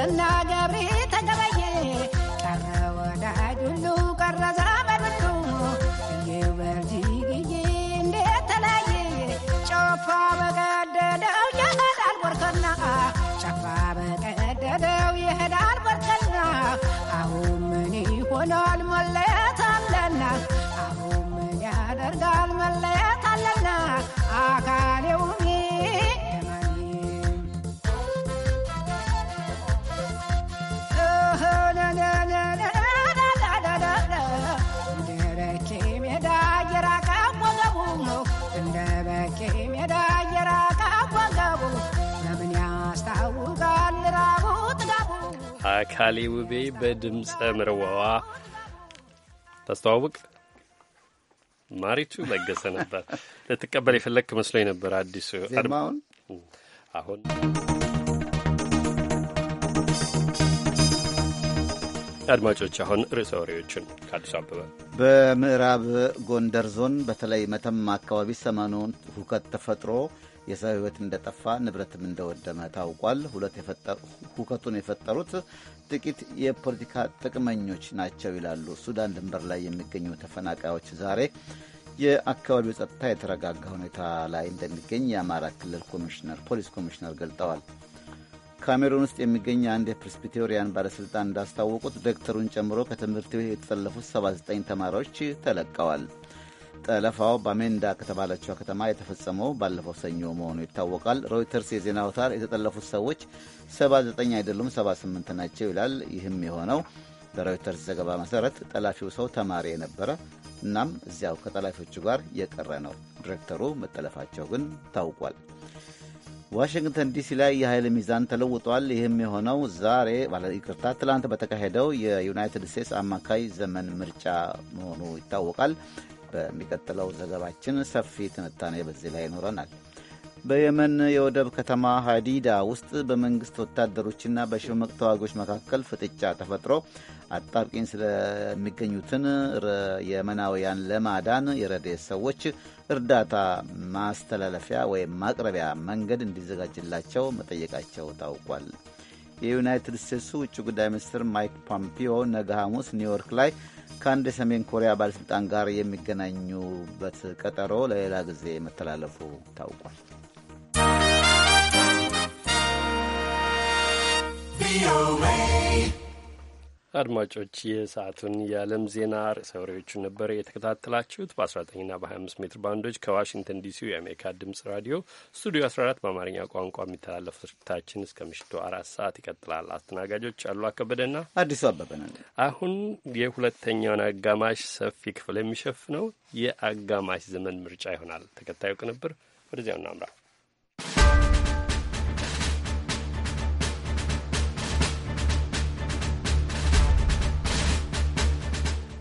and አካሌ ውቤ በድምፀ ምርወዋ ታስተዋውቅ ማሪቱ ለገሰ ነበር። ልትቀበል የፈለግክ መስሎኝ ነበር። አዲሱ አሁን አድማጮች አሁን ርዕሰ ወሬዎቹን ከአዲሱ አበበ በምዕራብ ጎንደር ዞን በተለይ መተማ አካባቢ ሰሞኑን ሁከት ተፈጥሮ የሰው ሕይወት እንደጠፋ ንብረትም እንደወደመ ታውቋል። ሁለት ሁከቱን የፈጠሩት ጥቂት የፖለቲካ ጥቅመኞች ናቸው ይላሉ ሱዳን ድንበር ላይ የሚገኙ ተፈናቃዮች። ዛሬ የአካባቢው ጸጥታ የተረጋጋ ሁኔታ ላይ እንደሚገኝ የአማራ ክልል ኮሚሽነር ፖሊስ ኮሚሽነር ገልጠዋል። ካሜሩን ውስጥ የሚገኝ አንድ የፕሬስቢቴሪያን ባለሥልጣን እንዳስታወቁት ዶክተሩን ጨምሮ ከትምህርት ቤት የተጠለፉት 79 ተማሪዎች ተለቀዋል። ጠለፋው ባሜንዳ ከተባለችው ከተማ የተፈጸመው ባለፈው ሰኞ መሆኑ ይታወቃል። ሮይተርስ የዜና አውታር የተጠለፉት ሰዎች 79 አይደሉም 78 ናቸው ይላል። ይህም የሆነው በሮይተርስ ዘገባ መሰረት ጠላፊው ሰው ተማሪ የነበረ እናም እዚያው ከጠላፊዎቹ ጋር የቀረ ነው። ዲሬክተሩ መጠለፋቸው ግን ታውቋል። ዋሽንግተን ዲሲ ላይ የኃይል ሚዛን ተለውጧል። ይህም የሆነው ዛሬ ይቅርታ፣ ትላንት በተካሄደው የዩናይትድ ስቴትስ አማካይ ዘመን ምርጫ መሆኑ ይታወቃል። በሚቀጥለው ዘገባችን ሰፊ ትንታኔ በዚህ ላይ ይኖረናል። በየመን የወደብ ከተማ ሀዲዳ ውስጥ በመንግስት ወታደሮችና በሽምቅ ተዋጊዎች መካከል ፍጥጫ ተፈጥሮ አጣብቂኝ ስለሚገኙትን የመናውያን ለማዳን የረድኤት ሰዎች እርዳታ ማስተላለፊያ ወይም ማቅረቢያ መንገድ እንዲዘጋጅላቸው መጠየቃቸው ታውቋል። የዩናይትድ ስቴትሱ ውጭ ጉዳይ ሚኒስትር ማይክ ፖምፒዮ ነገ ሐሙስ ኒውዮርክ ላይ ከአንድ የሰሜን ኮሪያ ባለሥልጣን ጋር የሚገናኙበት ቀጠሮ ለሌላ ጊዜ መተላለፉ ታውቋል። ቪኦኤ አድማጮች የሰዓቱን የዓለም ዜና ርዕሰ ወሬዎቹን ነበር የተከታተላችሁት። በ19ና በ25 ሜትር ባንዶች ከዋሽንግተን ዲሲ የአሜሪካ ድምጽ ራዲዮ ስቱዲዮ 14 በአማርኛ ቋንቋ የሚተላለፉ ስርጭታችን እስከ ምሽቱ አራት ሰዓት ይቀጥላል። አስተናጋጆች አሉ ከበደና አዲሱ አበበና አሁን የሁለተኛውን አጋማሽ ሰፊ ክፍል የሚሸፍነው የአጋማሽ ዘመን ምርጫ ይሆናል። ተከታዩ ቅንብር ወደዚያው እናምራ።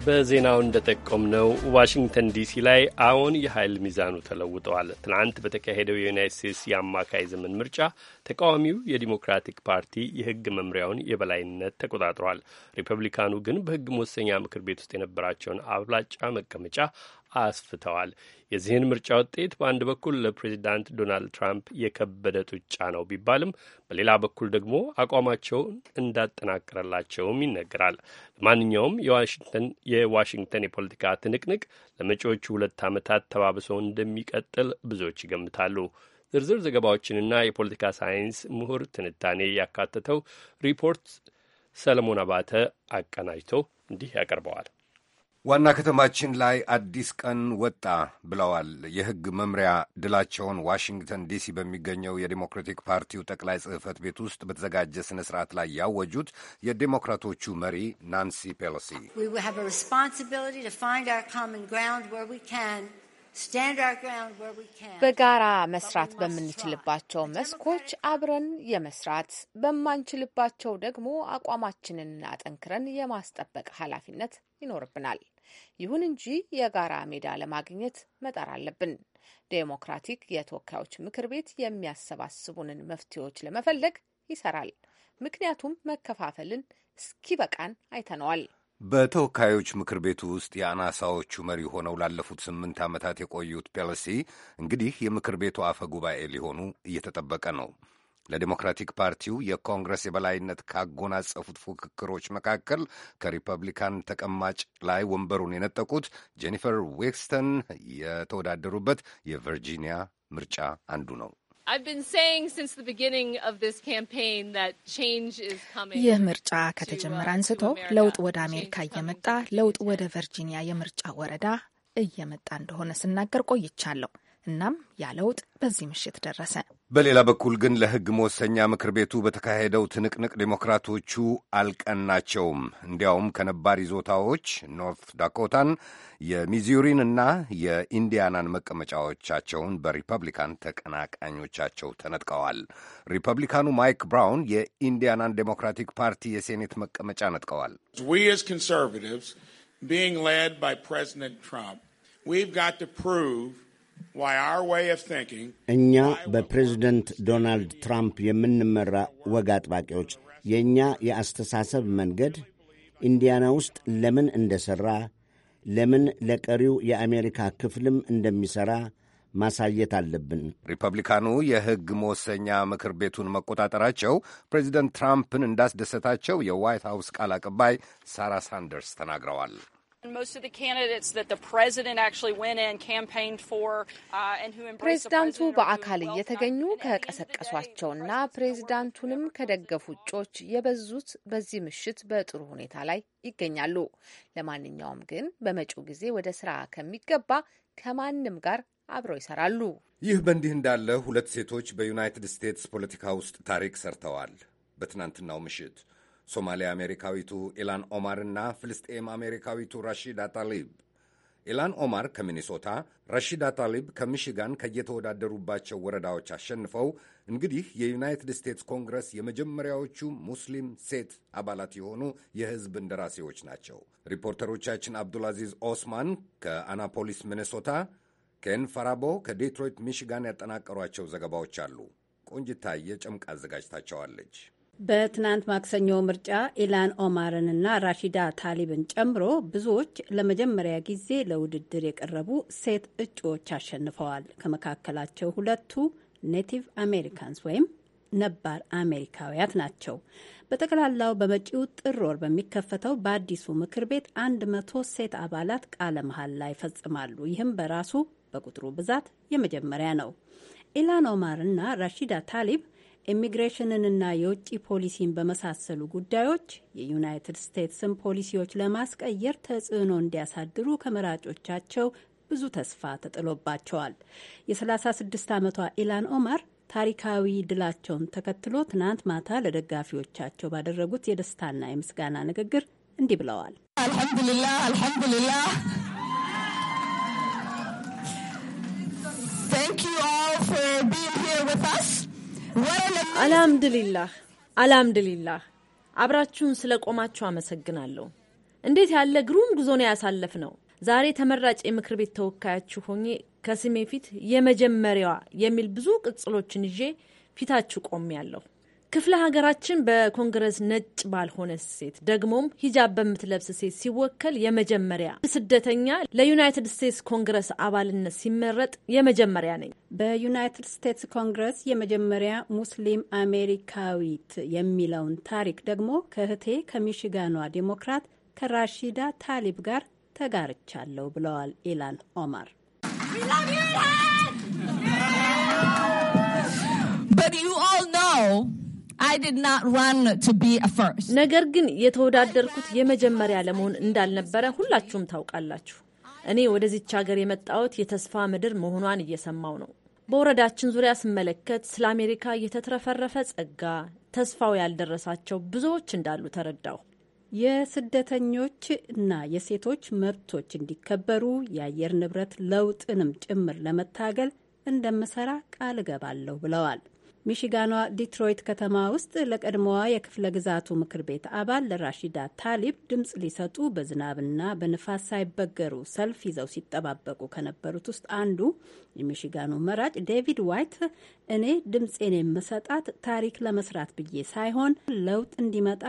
በዜናው እንደጠቆምነው ዋሽንግተን ዲሲ ላይ አሁን የኃይል ሚዛኑ ተለውጠዋል። ትናንት በተካሄደው የዩናይት ስቴትስ የአማካይ ዘመን ምርጫ ተቃዋሚው የዲሞክራቲክ ፓርቲ የሕግ መምሪያውን የበላይነት ተቆጣጥሯል። ሪፐብሊካኑ ግን በሕግ መወሰኛ ምክር ቤት ውስጥ የነበራቸውን አብላጫ መቀመጫ አስፍተዋል። የዚህን ምርጫ ውጤት በአንድ በኩል ለፕሬዚዳንት ዶናልድ ትራምፕ የከበደ ጡጫ ነው ቢባልም በሌላ በኩል ደግሞ አቋማቸውን እንዳጠናቀረላቸውም ይነገራል። ለማንኛውም የዋሽንግተን የፖለቲካ ትንቅንቅ ለመጪዎቹ ሁለት ዓመታት ተባብሰው እንደሚቀጥል ብዙዎች ይገምታሉ። ዝርዝር ዘገባዎችንና የፖለቲካ ሳይንስ ምሁር ትንታኔ ያካተተው ሪፖርት ሰለሞን አባተ አቀናጅቶ እንዲህ ያቀርበዋል። ዋና ከተማችን ላይ አዲስ ቀን ወጣ ብለዋል የሕግ መምሪያ ድላቸውን ዋሽንግተን ዲሲ በሚገኘው የዴሞክራቲክ ፓርቲው ጠቅላይ ጽሕፈት ቤት ውስጥ በተዘጋጀ ስነ ስርዓት ላይ ያወጁት የዴሞክራቶቹ መሪ ናንሲ ፔሎሲ በጋራ መስራት በምንችልባቸው መስኮች አብረን የመስራት በማንችልባቸው ደግሞ አቋማችንን አጠንክረን የማስጠበቅ ኃላፊነት ይኖርብናል። ይሁን እንጂ የጋራ ሜዳ ለማግኘት መጣር አለብን። ዴሞክራቲክ የተወካዮች ምክር ቤት የሚያሰባስቡንን መፍትሄዎች ለመፈለግ ይሰራል። ምክንያቱም መከፋፈልን እስኪበቃን አይተነዋል። በተወካዮች ምክር ቤቱ ውስጥ የአናሳዎቹ መሪ ሆነው ላለፉት ስምንት ዓመታት የቆዩት ፔሎሲ እንግዲህ የምክር ቤቱ አፈ ጉባኤ ሊሆኑ እየተጠበቀ ነው። ለዲሞክራቲክ ፓርቲው የኮንግረስ የበላይነት ካጎናጸፉት ፉክክሮች መካከል ከሪፐብሊካን ተቀማጭ ላይ ወንበሩን የነጠቁት ጄኒፈር ዌክስተን የተወዳደሩበት የቨርጂኒያ ምርጫ አንዱ ነው። ይህ ምርጫ ከተጀመረ uh, አንስቶ ለውጥ ወደ አሜሪካ እየመጣ ለውጥ ወደ ቨርጂኒያ የምርጫ ወረዳ እየመጣ እንደሆነ ስናገር ቆይቻለሁ። እናም ያ ለውጥ በዚህ ምሽት ደረሰ። በሌላ በኩል ግን ለሕግ መወሰኛ ምክር ቤቱ በተካሄደው ትንቅንቅ ዴሞክራቶቹ አልቀናቸውም። እንዲያውም ከነባር ይዞታዎች ኖርት ዳኮታን፣ የሚዙሪን እና የኢንዲያናን መቀመጫዎቻቸውን በሪፐብሊካን ተቀናቃኞቻቸው ተነጥቀዋል። ሪፐብሊካኑ ማይክ ብራውን የኢንዲያናን ዴሞክራቲክ ፓርቲ የሴኔት መቀመጫ ነጥቀዋል። ፕሬዚደንት ትራምፕ እኛ በፕሬዝደንት ዶናልድ ትራምፕ የምንመራ ወግ አጥባቂዎች የእኛ የአስተሳሰብ መንገድ ኢንዲያና ውስጥ ለምን ሠራ ለምን ለቀሪው የአሜሪካ ክፍልም እንደሚሠራ ማሳየት አለብን። ሪፐብሊካኑ የሕግ መወሰኛ ምክር ቤቱን መቆጣጠራቸው ፕሬዚደንት ትራምፕን እንዳስደሰታቸው የዋይት ሀውስ ቃል አቀባይ ሳራ ሳንደርስ ተናግረዋል። Uh, ፕሬዚዳንቱ በአካል እየተገኙ ከቀሰቀሷቸውና ፕሬዚዳንቱንም ከደገፉ እጩዎች የበዙት በዚህ ምሽት በጥሩ ሁኔታ ላይ ይገኛሉ። ለማንኛውም ግን በመጪው ጊዜ ወደ ስራ ከሚገባ ከማንም ጋር አብረው ይሰራሉ። ይህ በእንዲህ እንዳለ ሁለት ሴቶች በዩናይትድ ስቴትስ ፖለቲካ ውስጥ ታሪክ ሰርተዋል። በትናንትናው ምሽት ሶማሊያ አሜሪካዊቱ ኢላን ኦማር እና ፍልስጤም አሜሪካዊቱ ራሺዳ ታሊብ። ኢላን ኦማር ከሚኒሶታ፣ ራሺዳ ታሊብ ከሚሽጋን ከየተወዳደሩባቸው ወረዳዎች አሸንፈው እንግዲህ የዩናይትድ ስቴትስ ኮንግረስ የመጀመሪያዎቹ ሙስሊም ሴት አባላት የሆኑ የሕዝብ እንደራሴዎች ናቸው። ሪፖርተሮቻችን አብዱልአዚዝ ኦስማን ከአናፖሊስ ሚኒሶታ ኬን ፈራቦ ከዴትሮይት ሚሽጋን ያጠናቀሯቸው ዘገባዎች አሉ። ቆንጅታየ ጨምቃ አዘጋጅታቸዋለች። በትናንት ማክሰኞ ምርጫ ኢላን ኦማርንና ራሺዳ ታሊብን ጨምሮ ብዙዎች ለመጀመሪያ ጊዜ ለውድድር የቀረቡ ሴት እጩዎች አሸንፈዋል። ከመካከላቸው ሁለቱ ኔቲቭ አሜሪካንስ ወይም ነባር አሜሪካውያት ናቸው። በጠቅላላው በመጪው ጥር ወር በሚከፈተው በአዲሱ ምክር ቤት አንድ መቶ ሴት አባላት ቃለ ላይ ይፈጽማሉ። ይህም በራሱ በቁጥሩ ብዛት የመጀመሪያ ነው። ኢላን ኦማርና ራሺዳ ታሊብ ኢሚግሬሽንንና የውጭ ፖሊሲን በመሳሰሉ ጉዳዮች የዩናይትድ ስቴትስን ፖሊሲዎች ለማስቀየር ተጽዕኖ እንዲያሳድሩ ከመራጮቻቸው ብዙ ተስፋ ተጥሎባቸዋል። የ36 ዓመቷ ኢላን ኦማር ታሪካዊ ድላቸውን ተከትሎ ትናንት ማታ ለደጋፊዎቻቸው ባደረጉት የደስታና የምስጋና ንግግር እንዲህ ብለዋል። አልሐምዱሊላህ አልሐምዱሊላህ Thank you አልሐምድሊላህ አልሐምድሊላህ አብራችሁን ስለ ቆማችሁ አመሰግናለሁ። እንዴት ያለ ግሩም ጉዞ ነው ያሳለፍ ነው። ዛሬ ተመራጭ የምክር ቤት ተወካያችሁ ሆኜ ከስሜ ፊት የመጀመሪያዋ የሚል ብዙ ቅጽሎችን ይዤ ፊታችሁ ቆሜያለሁ። ክፍለ ሀገራችን በኮንግረስ ነጭ ባልሆነ ሴት ደግሞም ሂጃብ በምትለብስ ሴት ሲወከል የመጀመሪያ ስደተኛ ለዩናይትድ ስቴትስ ኮንግረስ አባልነት ሲመረጥ የመጀመሪያ ነኝ። በዩናይትድ ስቴትስ ኮንግረስ የመጀመሪያ ሙስሊም አሜሪካዊት የሚለውን ታሪክ ደግሞ ከእህቴ ከሚሽጋኗ ዴሞክራት ከራሺዳ ታሊብ ጋር ተጋርቻለሁ ብለዋል ኢላን ኦማር። But you all know ነገር ግን የተወዳደርኩት የመጀመሪያ ለመሆን እንዳልነበረ ሁላችሁም ታውቃላችሁ። እኔ ወደዚች ሀገር የመጣሁት የተስፋ ምድር መሆኗን እየሰማው ነው። በወረዳችን ዙሪያ ስመለከት ስለ አሜሪካ የተትረፈረፈ ጸጋ፣ ተስፋው ያልደረሳቸው ብዙዎች እንዳሉ ተረዳሁ። የስደተኞች እና የሴቶች መብቶች እንዲከበሩ የአየር ንብረት ለውጥንም ጭምር ለመታገል እንደምሰራ ቃል እገባለሁ ብለዋል። ሚሽጋኗ ዲትሮይት ከተማ ውስጥ ለቀድሞዋ የክፍለ ግዛቱ ምክር ቤት አባል ለራሺዳ ታሊብ ድምፅ ሊሰጡ በዝናብና በንፋስ ሳይበገሩ ሰልፍ ይዘው ሲጠባበቁ ከነበሩት ውስጥ አንዱ የሚሽጋኑ መራጭ ዴቪድ ዋይት እኔ ድምፄን የምሰጣት ታሪክ ለመስራት ብዬ ሳይሆን ለውጥ እንዲመጣ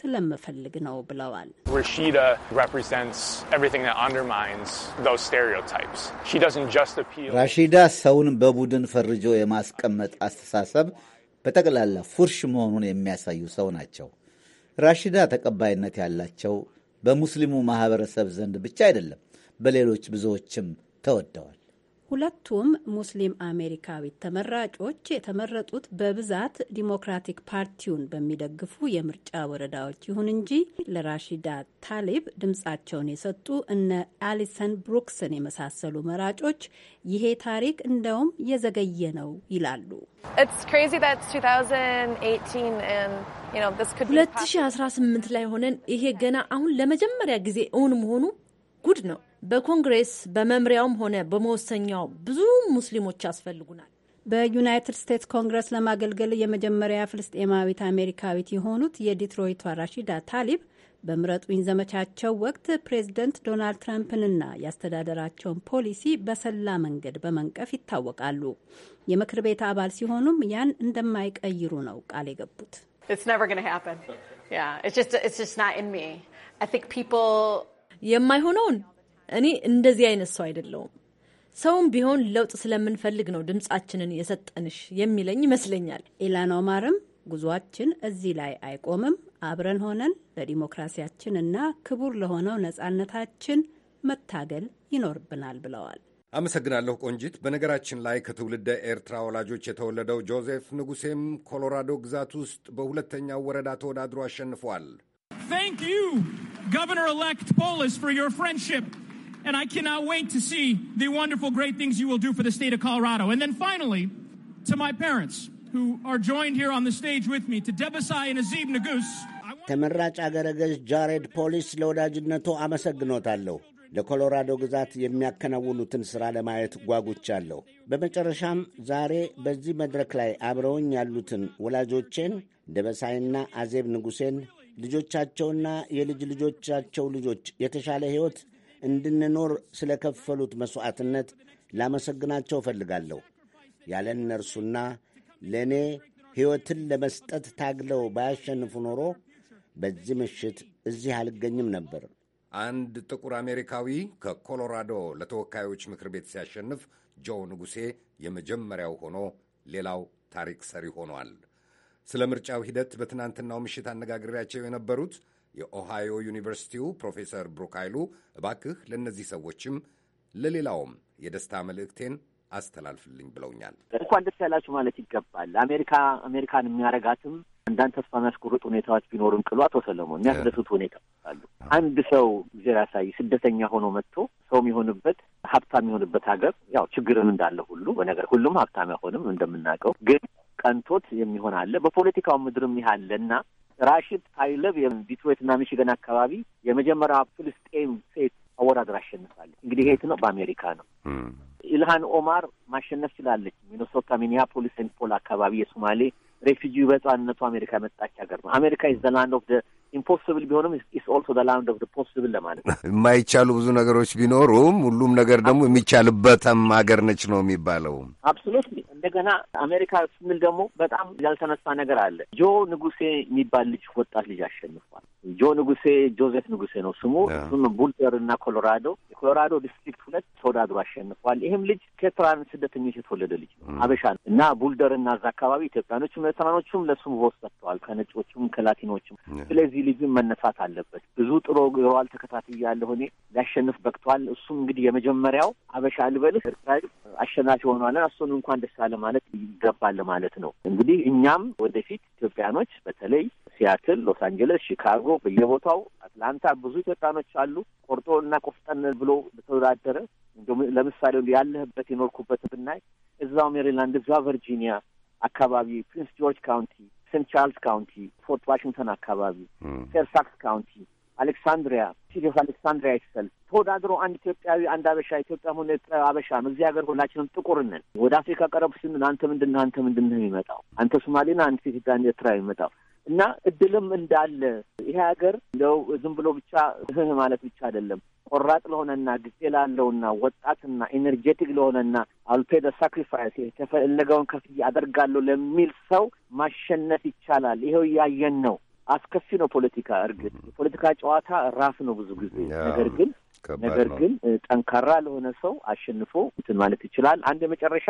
ስለምፈልግ ነው ብለዋል። ራሺዳ ሰውን በቡድን ፈርጆ የማስቀመጥ አስተሳሰብ በጠቅላላ ፉርሽ መሆኑን የሚያሳዩ ሰው ናቸው። ራሺዳ ተቀባይነት ያላቸው በሙስሊሙ ማህበረሰብ ዘንድ ብቻ አይደለም፣ በሌሎች ብዙዎችም ተወደዋል። ሁለቱም ሙስሊም አሜሪካዊት ተመራጮች የተመረጡት በብዛት ዲሞክራቲክ ፓርቲውን በሚደግፉ የምርጫ ወረዳዎች ይሁን እንጂ ለራሺዳ ታሊብ ድምጻቸውን የሰጡ እነ አሊሰን ብሩክስን የመሳሰሉ መራጮች ይሄ ታሪክ እንደውም የዘገየ ነው ይላሉ። 2018 ላይ ሆነን ይሄ ገና አሁን ለመጀመሪያ ጊዜ እውን መሆኑ ጉድ ነው። በኮንግሬስ በመምሪያውም ሆነ በመወሰኛው ብዙ ሙስሊሞች ያስፈልጉናል። በዩናይትድ ስቴትስ ኮንግረስ ለማገልገል የመጀመሪያ ፍልስጤማዊት አሜሪካዊት የሆኑት የዲትሮይቷ ራሺዳ ታሊብ በምረጡኝ ዘመቻቸው ወቅት ፕሬዝደንት ዶናልድ ትራምፕንና የአስተዳደራቸውን ፖሊሲ በሰላ መንገድ በመንቀፍ ይታወቃሉ። የምክር ቤት አባል ሲሆኑም ያን እንደማይቀይሩ ነው ቃል የገቡት። የማይሆነውን እኔ እንደዚህ አይነት ሰው አይደለውም። ሰውም ቢሆን ለውጥ ስለምንፈልግ ነው ድምጻችንን የሰጠንሽ የሚለኝ ይመስለኛል። ኢላን ኦማርም ጉዟችን እዚህ ላይ አይቆምም፣ አብረን ሆነን ለዲሞክራሲያችን እና ክቡር ለሆነው ነጻነታችን መታገል ይኖርብናል ብለዋል። አመሰግናለሁ ቆንጂት። በነገራችን ላይ ከትውልደ ኤርትራ ወላጆች የተወለደው ጆዜፍ ንጉሴም ኮሎራዶ ግዛት ውስጥ በሁለተኛው ወረዳ ተወዳድሮ አሸንፏል። Thank you, Governor elect Polis, for your friendship. And I cannot wait to see the wonderful, great things you will do for the state of Colorado. And then finally, to my parents, who are joined here on the stage with me, to Debasai and Azib Nagus. ተመራጭ አገረ ገዥ ጃሬድ ፖሊስ ለወዳጅነቱ አመሰግኖታለሁ። ለኮሎራዶ ግዛት የሚያከናውኑትን ሥራ ለማየት ጓጉቻለሁ። በመጨረሻም ዛሬ በዚህ መድረክ ላይ አብረውኝ ያሉትን ወላጆቼን ደበሳይና አዜብ ንጉሴን ልጆቻቸውና የልጅ ልጆቻቸው ልጆች የተሻለ ሕይወት እንድንኖር ስለ ከፈሉት መሥዋዕትነት ላመሰግናቸው እፈልጋለሁ። ያለ እነርሱና ለእኔ ሕይወትን ለመስጠት ታግለው ባያሸንፉ ኖሮ በዚህ ምሽት እዚህ አልገኝም ነበር። አንድ ጥቁር አሜሪካዊ ከኮሎራዶ ለተወካዮች ምክር ቤት ሲያሸንፍ ጆ ንጉሴ የመጀመሪያው ሆኖ ሌላው ታሪክ ሰሪ ሆኗል። ስለ ምርጫው ሂደት በትናንትናው ምሽት አነጋግሬያቸው የነበሩት የኦሃዮ ዩኒቨርሲቲው ፕሮፌሰር ብሩክ ኃይሉ እባክህ ለእነዚህ ሰዎችም ለሌላውም የደስታ መልእክቴን አስተላልፍልኝ ብለውኛል። እንኳን ደስ ያላችሁ ማለት ይገባል። አሜሪካ አሜሪካን የሚያረጋትም አንዳንድ ተስፋ የሚያስቆርጥ ሁኔታዎች ቢኖሩም ቅሉ አቶ ሰለሞን የሚያስደሱት ሁኔታዎች አሉ። አንድ ሰው እግዜር ያሳይ ስደተኛ ሆኖ መጥቶ ሰው የሚሆንበት ሀብታም የሆንበት ሀገር ያው ችግርን እንዳለ ሁሉ በነገር ሁሉም ሀብታም አይሆንም እንደምናውቀው ግን ቀንቶት የሚሆን አለ። በፖለቲካው ምድርም ያለ እና ራሽድ ታይለብ ዲትሮይትና ሚሽገን አካባቢ የመጀመሪያ ፍልስጤም ሴት አወዳደር አሸንፋለች። እንግዲህ የት ነው? በአሜሪካ ነው። ኢልሃን ኦማር ማሸነፍ ችላለች። ሚኒሶታ፣ ሚኒያፖሊስ፣ ሴንት ፖል አካባቢ የሶማሌ ሬፊጂ በነፃነቱ አሜሪካ የመጣች ሀገር ነው። አሜሪካ ኢዝ ዘ ላንድ ኦፍ ኢምፖስብል ቢሆንም ኢስ ኦልሶ ላንድ ኦፍ ፖስብል ለማለት ነው። የማይቻሉ ብዙ ነገሮች ቢኖሩም ሁሉም ነገር ደግሞ የሚቻልበትም ሀገር ነች ነው የሚባለው። አብሶሉትሊ። እንደገና አሜሪካ ስንል ደግሞ በጣም ያልተነሳ ነገር አለ። ጆ ንጉሴ የሚባል ልጅ ወጣት ልጅ አሸንፏል። ጆ ንጉሴ ጆዘፍ ንጉሴ ነው ስሙ። እሱም ቡልደር እና ኮሎራዶ የኮሎራዶ ዲስትሪክት ሁለት ተወዳድሮ አሸንፏል። ይህም ልጅ ከኤርትራን ስደተኞች የተወለደ ልጅ ነው፣ አበሻ ነው እና ቡልደር እና እዛ አካባቢ ኢትዮጵያኖቹም ኤርትራኖቹም ለሱም ቮት ሰጥተዋል፣ ከነጮቹም ከላቲኖችም ስለዚህ ኒሂሊዝም መነሳት አለበት። ብዙ ጥሮ ግሯል ተከታትያለሁ እኔ ሊያሸንፍ በቅቷል። እሱም እንግዲህ የመጀመሪያው አበሻ ልበልህ ኤርትራ አሸናፊ ሆኗለን እሱን እንኳን ደስ አለ ማለት ይገባል ማለት ነው። እንግዲህ እኛም ወደፊት ኢትዮጵያኖች በተለይ ሲያትል፣ ሎስ አንጀለስ፣ ሺካጎ፣ በየቦታው አትላንታ ብዙ ኢትዮጵያኖች አሉ። ቆርጦ እና ቆፍጠን ብሎ ተወዳደረ ለምሳሌ ያለህበት የኖርኩበት ብናይ እዛው ሜሪላንድ፣ እዛው ቨርጂኒያ አካባቢ ፕሪንስ ጆርጅ ካውንቲ ሴንት ቻርልስ ካውንቲ፣ ፎርት ዋሽንግተን አካባቢ፣ ፌርፋክስ ካውንቲ፣ አሌክሳንድሪያ ሲቲ ኦፍ አሌክሳንድሪያ ይሰል ተወዳድሮ አንድ ኢትዮጵያዊ አንድ አበሻ ኢትዮጵያ ሆነ አበሻም እዚህ ሀገር ሁላችንም ጥቁር ነን። ወደ አፍሪካ ቀረቡ ስንል አንተ ምንድነህ አንተ ምንድነህ የሚመጣው አንተ ሶማሌና አንተ ኢትዮጵያ ኤርትራ የሚመጣው እና እድልም እንዳለ ይሄ ሀገር እንደው ዝም ብሎ ብቻ ማለት ብቻ አይደለም ቆራጥ ለሆነና ጊዜ ላለውና ወጣትና ኢነርጄቲክ ለሆነና አልፔ ደ ሳክሪፋይስ የተፈለገውን ክፍያ አደርጋለሁ ለሚል ሰው ማሸነፍ ይቻላል። ይኸው እያየን ነው። አስከፊ ነው ፖለቲካ። እርግጥ የፖለቲካ ጨዋታ ራስ ነው ብዙ ጊዜ ነገር ግን ነገር ግን ጠንካራ ለሆነ ሰው አሸንፎ እንትን ማለት ይችላል። አንድ የመጨረሻ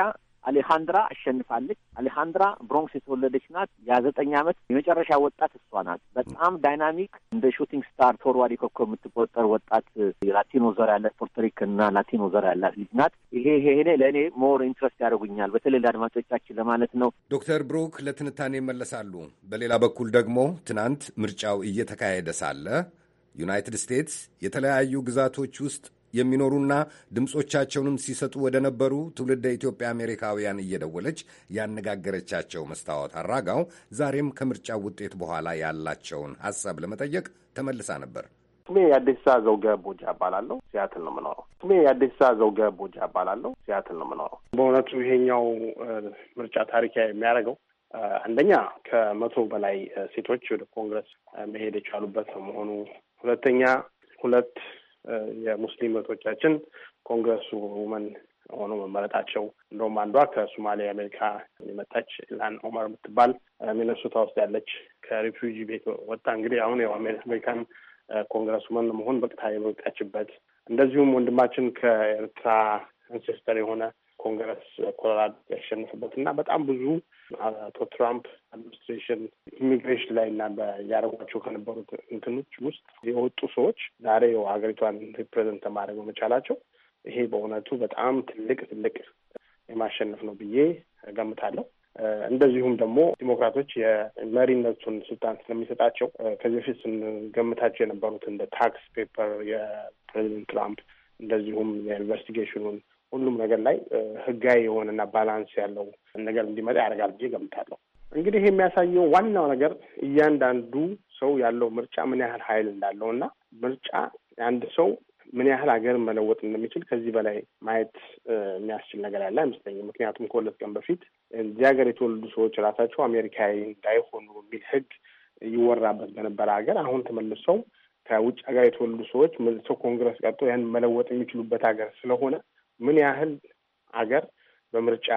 አሌሃንድራ አሸንፋለች። አሌሃንድራ ብሮንክስ የተወለደች ናት። የዘጠኝ ዓመት የመጨረሻ ወጣት እሷ ናት። በጣም ዳይናሚክ እንደ ሹቲንግ ስታር ፎርዋርድ ኮኮ የምትቆጠር ወጣት ላቲኖ ዘር ያላት ፖርቶሪክ እና ላቲኖ ዘር ያላት ልጅ ናት። ይሄ ይሄኔ ለእኔ ሞር ኢንትረስት ያደርጉኛል፣ በተለይ ለአድማጮቻችን ለማለት ነው። ዶክተር ብሩክ ለትንታኔ ይመለሳሉ። በሌላ በኩል ደግሞ ትናንት ምርጫው እየተካሄደ ሳለ ዩናይትድ ስቴትስ የተለያዩ ግዛቶች ውስጥ የሚኖሩና ድምፆቻቸውንም ሲሰጡ ወደ ነበሩ ትውልደ ኢትዮጵያ አሜሪካውያን እየደወለች ያነጋገረቻቸው መስታወት አራጋው ዛሬም ከምርጫ ውጤት በኋላ ያላቸውን ሀሳብ ለመጠየቅ ተመልሳ ነበር። ስሜ የአዲስ ዘውገ ቦጃ እባላለሁ። ሲያትል ነው የምኖረው። ስሜ የአዲስ ዘውገ ቦጃ እባላለሁ። ሲያትል ነው የምኖረው። በእውነቱ ይሄኛው ምርጫ ታሪክ የሚያደርገው አንደኛ ከመቶ በላይ ሴቶች ወደ ኮንግረስ መሄድ የቻሉበት መሆኑ፣ ሁለተኛ ሁለት የሙስሊም እህቶቻችን ኮንግረሱ ውመን ሆኖ መመረጣቸው እንደውም አንዷ ከሶማሌ አሜሪካ የመጣች ኢላን ኦማር የምትባል ሚነሶታ ውስጥ ያለች ከሪፊጂ ቤት ወጣ እንግዲህ አሁን ያው አሜሪካን ኮንግረስ ውመን ለመሆን በቅታ የመብቃችበት እንደዚሁም ወንድማችን ከኤርትራ አንሴስተር የሆነ ኮንግረስ ኮሎራዶ ያሸነፉበትና በጣም ብዙ አቶ ትራምፕ አድሚኒስትሬሽን ኢሚግሬሽን ላይ እና ያደረጓቸው ከነበሩት እንትኖች ውስጥ የወጡ ሰዎች ዛሬ ሀገሪቷን ሪፕሬዘንት ማድረግ በመቻላቸው ይሄ በእውነቱ በጣም ትልቅ ትልቅ የማሸነፍ ነው ብዬ ገምታለሁ። እንደዚሁም ደግሞ ዲሞክራቶች የመሪነቱን ስልጣን ስለሚሰጣቸው ከዚህ በፊት ስንገምታቸው የነበሩት እንደ ታክስ ፔፐር የፕሬዚደንት ትራምፕ እንደዚሁም የኢንቨስቲጌሽኑን ሁሉም ነገር ላይ ህጋዊ የሆነና ባላንስ ያለው ነገር እንዲመጣ ያደርጋል ብዬ ገምታለሁ። እንግዲህ የሚያሳየው ዋናው ነገር እያንዳንዱ ሰው ያለው ምርጫ ምን ያህል ኃይል እንዳለው እና ምርጫ አንድ ሰው ምን ያህል ሀገር መለወጥ እንደሚችል ከዚህ በላይ ማየት የሚያስችል ነገር ያለ አይመስለኝም። ምክንያቱም ከሁለት ቀን በፊት እዚህ ሀገር የተወለዱ ሰዎች ራሳቸው አሜሪካዊ እንዳይሆኑ የሚል ህግ ይወራበት በነበረ ሀገር አሁን ተመልሰው ከውጭ ሀገር የተወለዱ ሰዎች መልሰው ኮንግረስ ቀጥቶ ያን መለወጥ የሚችሉበት ሀገር ስለሆነ ምን ያህል አገር በምርጫ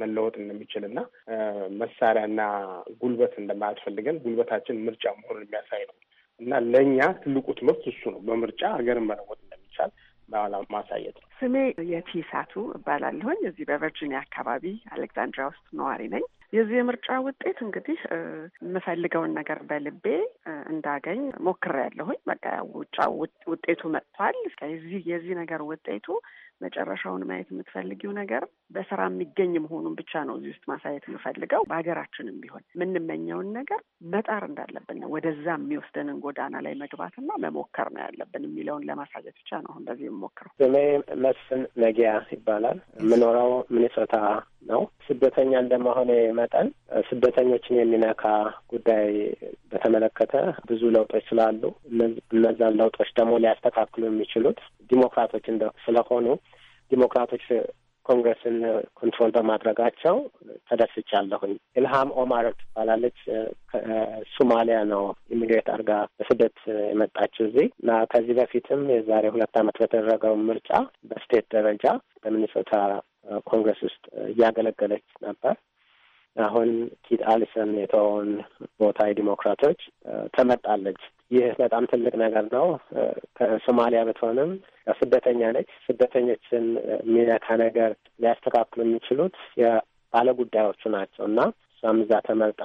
መለወጥ እንደሚችል እና መሳሪያና ጉልበት እንደማያስፈልገን ጉልበታችን ምርጫ መሆኑን የሚያሳይ ነው እና ለእኛ ትልቁ ትምህርት እሱ ነው። በምርጫ ሀገርን መለወጥ እንደሚቻል ማሳየት ነው። ስሜ የቲሳቱ እባላለሁኝ። እዚህ በቨርጂኒያ አካባቢ አሌክዛንድሪያ ውስጥ ነዋሪ ነኝ። የዚህ የምርጫ ውጤት እንግዲህ የምፈልገውን ነገር በልቤ እንዳገኝ ያለሁኝ በቃ ውጫ ውጤቱ መጥቷል። ከዚህ የዚህ ነገር ውጤቱ መጨረሻውን ማየት የምትፈልጊው ነገር በስራ የሚገኝ መሆኑን ብቻ ነው እዚህ ውስጥ ማሳየት የምፈልገው። በሀገራችንም ቢሆን የምንመኘውን ነገር መጣር እንዳለብን ነው ወደዛ የሚወስደንን ጎዳና ላይ መግባትና መሞከር ነው ያለብን የሚለውን ለማሳየት ብቻ ነው አሁን በዚህ የምሞክረው። ስሜ መስፍን ነጊያ ይባላል። የምኖረው ሚኒሶታ ነው። ስደተኛ እንደመሆኔ መጠን ስደተኞችን የሚነካ ጉዳይ በተመለከተ ብዙ ለውጦች ስላሉ እነዛን ለውጦች ደግሞ ሊያስተካክሉ የሚችሉት ዲሞክራቶች ስለሆኑ ዲሞክራቶች ኮንግረስን ኮንትሮል በማድረጋቸው ተደስቻለሁኝ። ኢልሃም ኦማር ትባላለች። ሱማሊያ ነው ኢሚግሬት አርጋ በስደት የመጣችው እዚህ እና ከዚህ በፊትም የዛሬ ሁለት ዓመት በተደረገው ምርጫ በስቴት ደረጃ በሚኒሶታ ኮንግረስ ውስጥ እያገለገለች ነበር። አሁን ኪት አሊሰን የተውን ቦታ ዲሞክራቶች ተመርጣለች። ይህ በጣም ትልቅ ነገር ነው። ከሶማሊያ ብትሆንም ስደተኛ ነች። ስደተኞችን የሚነካ ነገር ሊያስተካክሉ የሚችሉት የባለጉዳዮቹ ናቸው እና እሷም እዛ ተመርጣ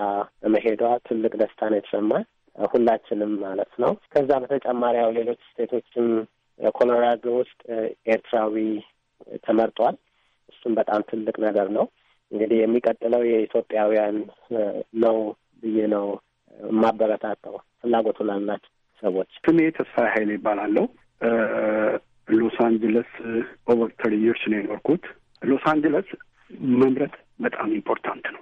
መሄዷ ትልቅ ደስታ ነው የተሰማን ሁላችንም ማለት ነው። ከዛ በተጨማሪ ያው ሌሎች ስቴቶችም ኮሎራዶ ውስጥ ኤርትራዊ ተመርጧል። እሱም በጣም ትልቅ ነገር ነው። እንግዲህ የሚቀጥለው የኢትዮጵያውያን ነው ብዬ ነው የማበረታተው ፍላጎቱ ላላቸው ሰዎች። ስሜ ተስፋ ኃይል ይባላለሁ። ሎስ አንጀለስ ኦቨር ተሪ ይርስ ነው የኖርኩት። ሎስ አንጀለስ መምረት በጣም ኢምፖርታንት ነው።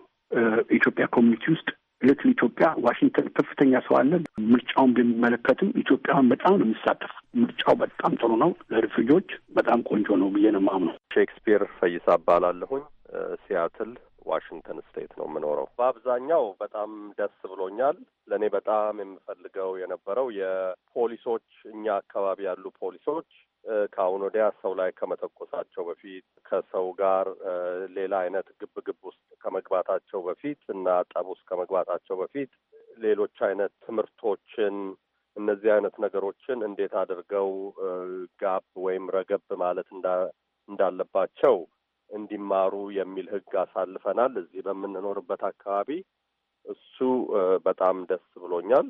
ኢትዮጵያ ኮሚኒቲ ውስጥ ልክ ኢትዮጵያ ዋሽንግተን ከፍተኛ ሰው አለ። ምርጫውን ቢመለከትም ኢትዮጵያን በጣም ነው የሚሳተፍ። ምርጫው በጣም ጥሩ ነው። ለርፍጆች በጣም ቆንጆ ነው ብዬ ነው የማምነው። ሼክስፒር ፈይሳ እባላለሁኝ ሲያትል ዋሽንግተን ስቴት ነው የምኖረው። በአብዛኛው በጣም ደስ ብሎኛል። ለእኔ በጣም የምፈልገው የነበረው የፖሊሶች እኛ አካባቢ ያሉ ፖሊሶች ከአሁን ወዲያ ሰው ላይ ከመተኮሳቸው በፊት ከሰው ጋር ሌላ አይነት ግብ ግብ ውስጥ ከመግባታቸው በፊት እና ጠብ ውስጥ ከመግባታቸው በፊት ሌሎች አይነት ትምህርቶችን እነዚህ አይነት ነገሮችን እንዴት አድርገው ጋብ ወይም ረገብ ማለት እንዳለባቸው እንዲማሩ የሚል ህግ አሳልፈናል እዚህ በምንኖርበት አካባቢ። እሱ በጣም ደስ ብሎኛል።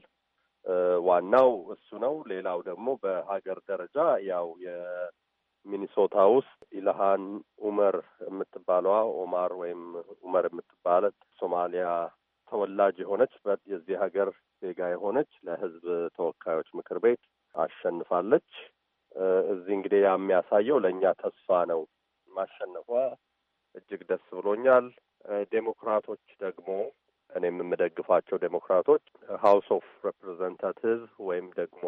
ዋናው እሱ ነው። ሌላው ደግሞ በሀገር ደረጃ ያው የሚኒሶታ ውስጥ ኢልሃን ኡመር የምትባለዋ ኦማር ወይም ኡመር የምትባለት ሶማሊያ ተወላጅ የሆነች የዚህ ሀገር ዜጋ የሆነች ለህዝብ ተወካዮች ምክር ቤት አሸንፋለች። እዚህ እንግዲህ ያ የሚያሳየው ለእኛ ተስፋ ነው። ማሸነፏ እጅግ ደስ ብሎኛል። ዴሞክራቶች ደግሞ እኔም የምደግፋቸው ዴሞክራቶች ሀውስ ኦፍ ሬፕሬዘንታቲቭ ወይም ደግሞ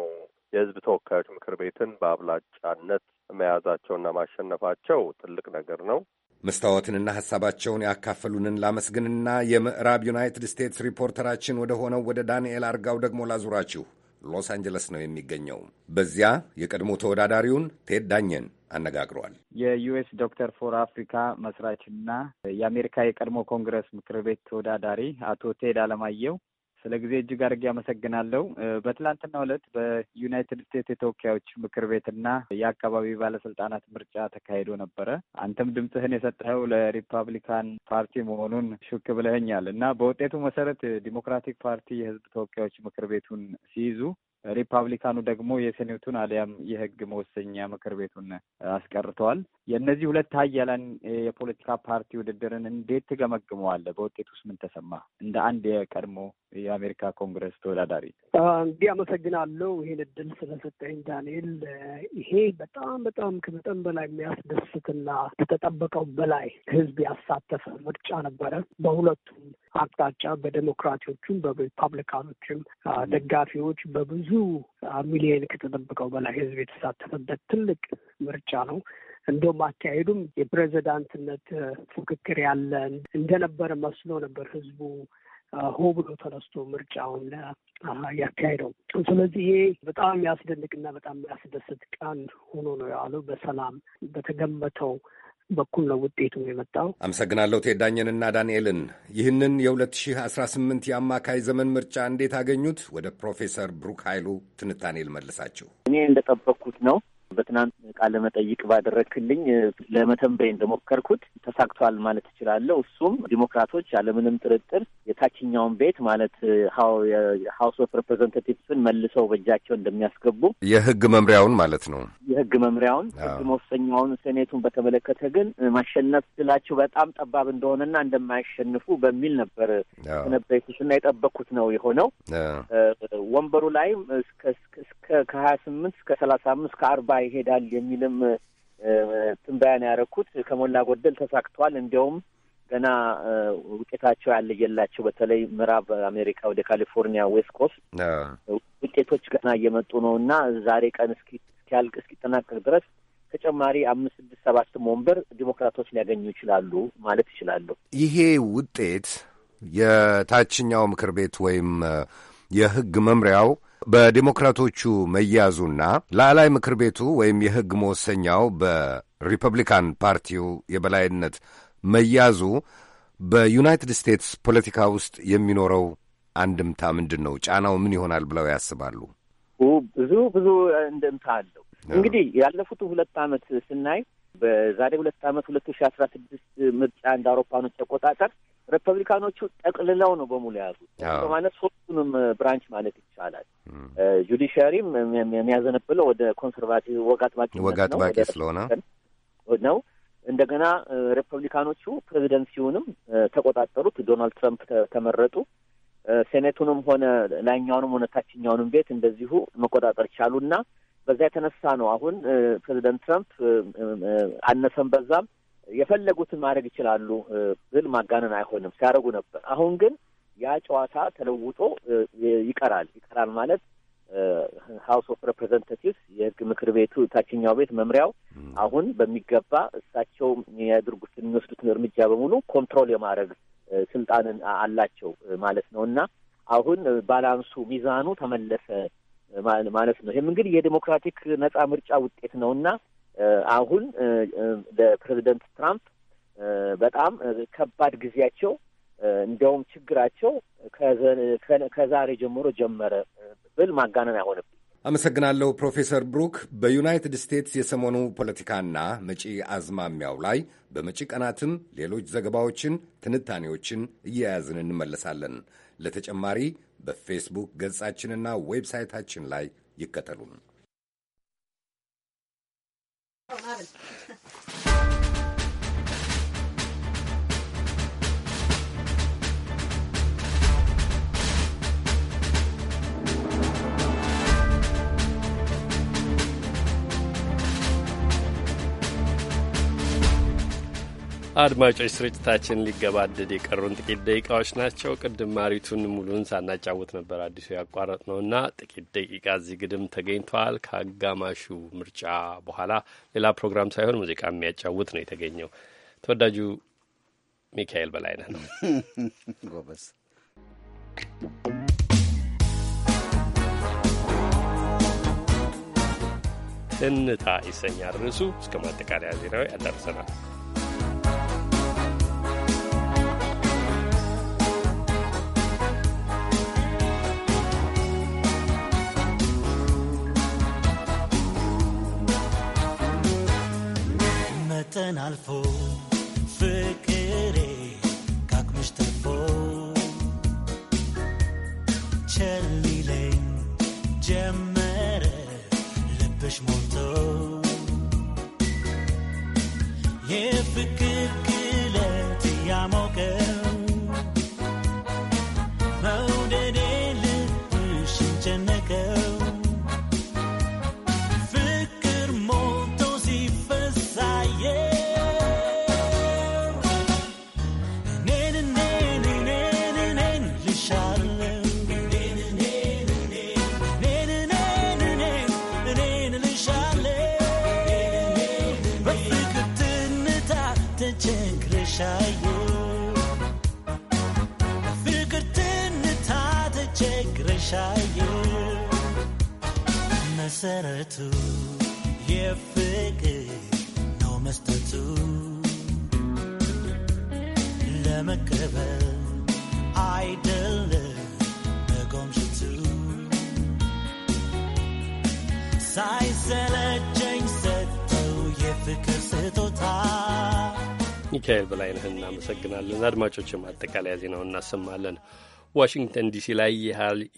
የህዝብ ተወካዮች ምክር ቤትን በአብላጫነት መያዛቸውና ማሸነፋቸው ትልቅ ነገር ነው። መስታወትንና ሐሳባቸውን ያካፈሉንን ላመስግንና የምዕራብ ዩናይትድ ስቴትስ ሪፖርተራችን ወደ ሆነው ወደ ዳንኤል አርጋው ደግሞ ላዙራችሁ። ሎስ አንጀለስ ነው የሚገኘው። በዚያ የቀድሞ ተወዳዳሪውን ቴድ ዳኘን አነጋግሯል። የዩኤስ ዶክተር ፎር አፍሪካ መስራችና የአሜሪካ የቀድሞ ኮንግረስ ምክር ቤት ተወዳዳሪ አቶ ቴድ አለማየሁ ስለ ጊዜ እጅግ አድርጌ አመሰግናለሁ። በትላንትናው ዕለት በዩናይትድ ስቴትስ የተወካዮች ምክር ቤትና የአካባቢ ባለስልጣናት ምርጫ ተካሂዶ ነበረ። አንተም ድምፅህን የሰጠኸው ለሪፐብሊካን ፓርቲ መሆኑን ሹክ ብለኸኛል እና በውጤቱ መሰረት ዲሞክራቲክ ፓርቲ የህዝብ ተወካዮች ምክር ቤቱን ሲይዙ ሪፓብሊካኑ ደግሞ የሴኔቱን አሊያም የህግ መወሰኛ ምክር ቤቱን አስቀርተዋል። የእነዚህ ሁለት ሀያላን የፖለቲካ ፓርቲ ውድድርን እንዴት ትገመግመዋለህ? በውጤት ውስጥ ምን ተሰማ? እንደ አንድ የቀድሞ የአሜሪካ ኮንግረስ ተወዳዳሪ እንዲህ አመሰግናለሁ ይሄን እድል ስለሰጠኝ ዳንኤል። ይሄ በጣም በጣም ከመጠን በላይ የሚያስደስትና ከተጠበቀው በላይ ህዝብ ያሳተፈ ምርጫ ነበረ። በሁለቱም አቅጣጫ በዴሞክራቲዎቹም በሪፐብሊካኖችም ደጋፊዎች በብዙ ሚሊዮን ከተጠበቀው በላይ ህዝብ የተሳተፈበት ትልቅ ምርጫ ነው። እንደውም አካሄዱም የፕሬዚዳንትነት ፉክክር ያለ እንደነበረ መስሎ ነበር ህዝቡ ሆ ብሎ ተነስቶ ምርጫውን ያካሄደው። ስለዚህ ይሄ በጣም የሚያስደንቅና በጣም የሚያስደስት ቀን ሆኖ ነው የዋለው። በሰላም በተገመተው በኩል ነው ውጤቱ የመጣው። አመሰግናለሁ ቴዳኘንና ዳንኤልን። ይህንን የ2018 የአማካይ ዘመን ምርጫ እንዴት አገኙት? ወደ ፕሮፌሰር ብሩክ ኃይሉ ትንታኔ ልመልሳችሁ። እኔ እንደጠበቅኩት ነው። በትናንት ቃለ መጠይቅ ባደረግክልኝ ለመተንበይ እንደሞከርኩት ተሳክቷል ማለት እችላለሁ። እሱም ዲሞክራቶች ያለምንም ጥርጥር የታችኛውን ቤት ማለት ሀውስ ኦፍ ሬፕሬዘንታቲቭስን መልሰው በእጃቸው እንደሚያስገቡ የህግ መምሪያውን ማለት ነው። የህግ መምሪያውን ህግ መወሰኛውን ሴኔቱን በተመለከተ ግን ማሸነፍ ስላቸው በጣም ጠባብ እንደሆነና እንደማያሸንፉ በሚል ነበር ተነበይኩትና የጠበቅኩት ነው የሆነው ወንበሩ ላይም እስከ ከሀያ ስምንት እስከ ሰላሳ አምስት ከአርባ ይሄዳል የሚልም ትንበያን ያደረኩት ከሞላ ጎደል ተሳክቷል። እንዲያውም ገና ውጤታቸው ያለየላቸው በተለይ ምዕራብ አሜሪካ ወደ ካሊፎርኒያ ዌስት ኮስት ውጤቶች ገና እየመጡ ነው እና ዛሬ ቀን እስኪያልቅ እስኪጠናቀቅ ድረስ ተጨማሪ አምስት ስድስት ሰባትም ወንበር ዲሞክራቶች ሊያገኙ ይችላሉ ማለት ይችላሉ። ይሄ ውጤት የታችኛው ምክር ቤት ወይም የህግ መምሪያው በዴሞክራቶቹ መያዙና ላዕላይ ምክር ቤቱ ወይም የሕግ መወሰኛው በሪፐብሊካን ፓርቲው የበላይነት መያዙ በዩናይትድ ስቴትስ ፖለቲካ ውስጥ የሚኖረው አንድምታ ምንድን ነው? ጫናው ምን ይሆናል ብለው ያስባሉ? ብዙ ብዙ እንድምታ አለው። እንግዲህ ያለፉት ሁለት ዓመት ስናይ በዛሬ ሁለት ዓመት ሁለት ሺ አስራ ስድስት ምርጫ እንደ አውሮፓኖች አቆጣጠር ሪፐብሊካኖቹ ጠቅልለው ነው በሙሉ የያዙት። ማለት ሶስቱንም ብራንች ማለት ይቻላል። ጁዲሻሪም የሚያዘነብለው ወደ ኮንሰርቫቲቭ ወግ አጥባቂ ወግ አጥባቂ ስለሆነ ነው። እንደገና ሪፐብሊካኖቹ ፕሬዚደንሲውንም ተቆጣጠሩት። ዶናልድ ትራምፕ ተመረጡ። ሴኔቱንም ሆነ ላይኛውንም ሆነ ታችኛውንም ቤት እንደዚሁ መቆጣጠር ቻሉና በዛ የተነሳ ነው አሁን ፕሬዚደንት ትራምፕ አነሰን በዛም የፈለጉትን ማድረግ ይችላሉ ብል ማጋነን አይሆንም። ሲያደርጉ ነበር። አሁን ግን ያ ጨዋታ ተለውጦ ይቀራል። ይቀራል ማለት ሀውስ ኦፍ ሬፕሬዘንታቲቭስ የህግ ምክር ቤቱ ታችኛው ቤት መምሪያው አሁን በሚገባ እሳቸው የሚያደርጉት የሚወስዱትን እርምጃ በሙሉ ኮንትሮል የማድረግ ስልጣንን አላቸው ማለት ነው እና አሁን ባላንሱ ሚዛኑ ተመለሰ ማለት ነው። ይህም እንግዲህ የዴሞክራቲክ ነጻ ምርጫ ውጤት ነው እና አሁን ለፕሬዚደንት ትራምፕ በጣም ከባድ ጊዜያቸው እንደውም ችግራቸው ከዛሬ ጀምሮ ጀመረ ብል ማጋነን አይሆንም። አመሰግናለሁ ፕሮፌሰር ብሩክ። በዩናይትድ ስቴትስ የሰሞኑ ፖለቲካና መጪ አዝማሚያው ላይ በመጪ ቀናትም ሌሎች ዘገባዎችን፣ ትንታኔዎችን እየያዝን እንመለሳለን። ለተጨማሪ በፌስቡክ ገጻችንና ዌብሳይታችን ላይ ይከተሉን። haven't. አድማጮች ስርጭታችን ሊገባደድ የቀሩን ጥቂት ደቂቃዎች ናቸው። ቅድም ማሪቱን ሙሉን ሳናጫወት ነበር አዲሱ ያቋረጥ ነውና ጥቂት ደቂቃ እዚህ ግድም ተገኝተዋል። ከአጋማሹ ምርጫ በኋላ ሌላ ፕሮግራም ሳይሆን ሙዚቃ የሚያጫውት ነው የተገኘው። ተወዳጁ ሚካኤል በላይነህ ነው ጎበዝ ትንታ ይሰኛል ርዕሱ። እስከ ማጠቃለያ ዜናዊ ያዳርሰናል። መጠን አልፎ ፍቅሬ ካቅምሽ ተርፎ ቸል ይለኝ ጀመረ ልብሽ ሞልቶ የፍቅር ሻየ መሰረቱ የፍቅር ነው መስጠቱ ለመቀበል አይደለም መጎምሸቱ ሳይሰለቸኝ ሰጠው የፍቅር ስጦታ። ሚካኤል በላይነህ እናመሰግናለን። አድማጮችም አጠቃላይ ዜናውን እናሰማለን። ዋሽንግተን ዲሲ ላይ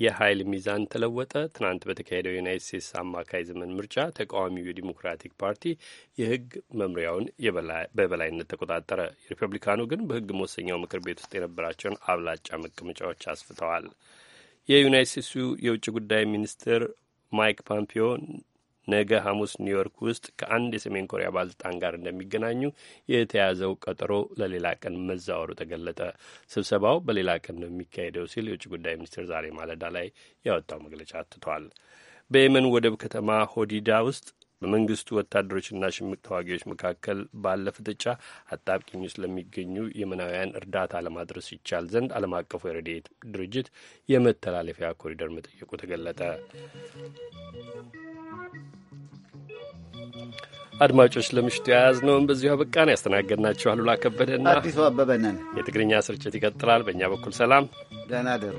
የኃይል ሚዛን ተለወጠ። ትናንት በተካሄደው የዩናይት ስቴትስ አማካይ ዘመን ምርጫ ተቃዋሚው የዲሞክራቲክ ፓርቲ የህግ መምሪያውን በበላይነት ተቆጣጠረ። ሪፐብሊካኑ ግን በህግ መወሰኛው ምክር ቤት ውስጥ የነበራቸውን አብላጫ መቀመጫዎች አስፍተዋል። የዩናይት ስቴትሱ የውጭ ጉዳይ ሚኒስትር ማይክ ፖምፒዮ ነገ ሐሙስ ኒውዮርክ ውስጥ ከአንድ የሰሜን ኮሪያ ባለስልጣን ጋር እንደሚገናኙ የተያዘው ቀጠሮ ለሌላ ቀን መዛወሩ ተገለጠ። ስብሰባው በሌላ ቀን ነው የሚካሄደው ሲል የውጭ ጉዳይ ሚኒስቴር ዛሬ ማለዳ ላይ ያወጣው መግለጫ አትቷል። በየመን ወደብ ከተማ ሆዲዳ ውስጥ በመንግስቱ ወታደሮችና ሽምቅ ተዋጊዎች መካከል ባለ ፍጥጫ አጣብቂኝ ውስጥ ለሚገኙ የመናውያን እርዳታ ለማድረስ ይቻል ዘንድ ዓለም አቀፉ የረድኤት ድርጅት የመተላለፊያ ኮሪደር መጠየቁ ተገለጠ። አድማጮች ለምሽቱ የያዝነውን በዚሁ አበቃን። ያስተናገድናችሁ አሉላ ከበደና አዲሱ አበበ ነን። የትግርኛ ስርጭት ይቀጥላል። በእኛ በኩል ሰላም፣ ደህና እደሩ።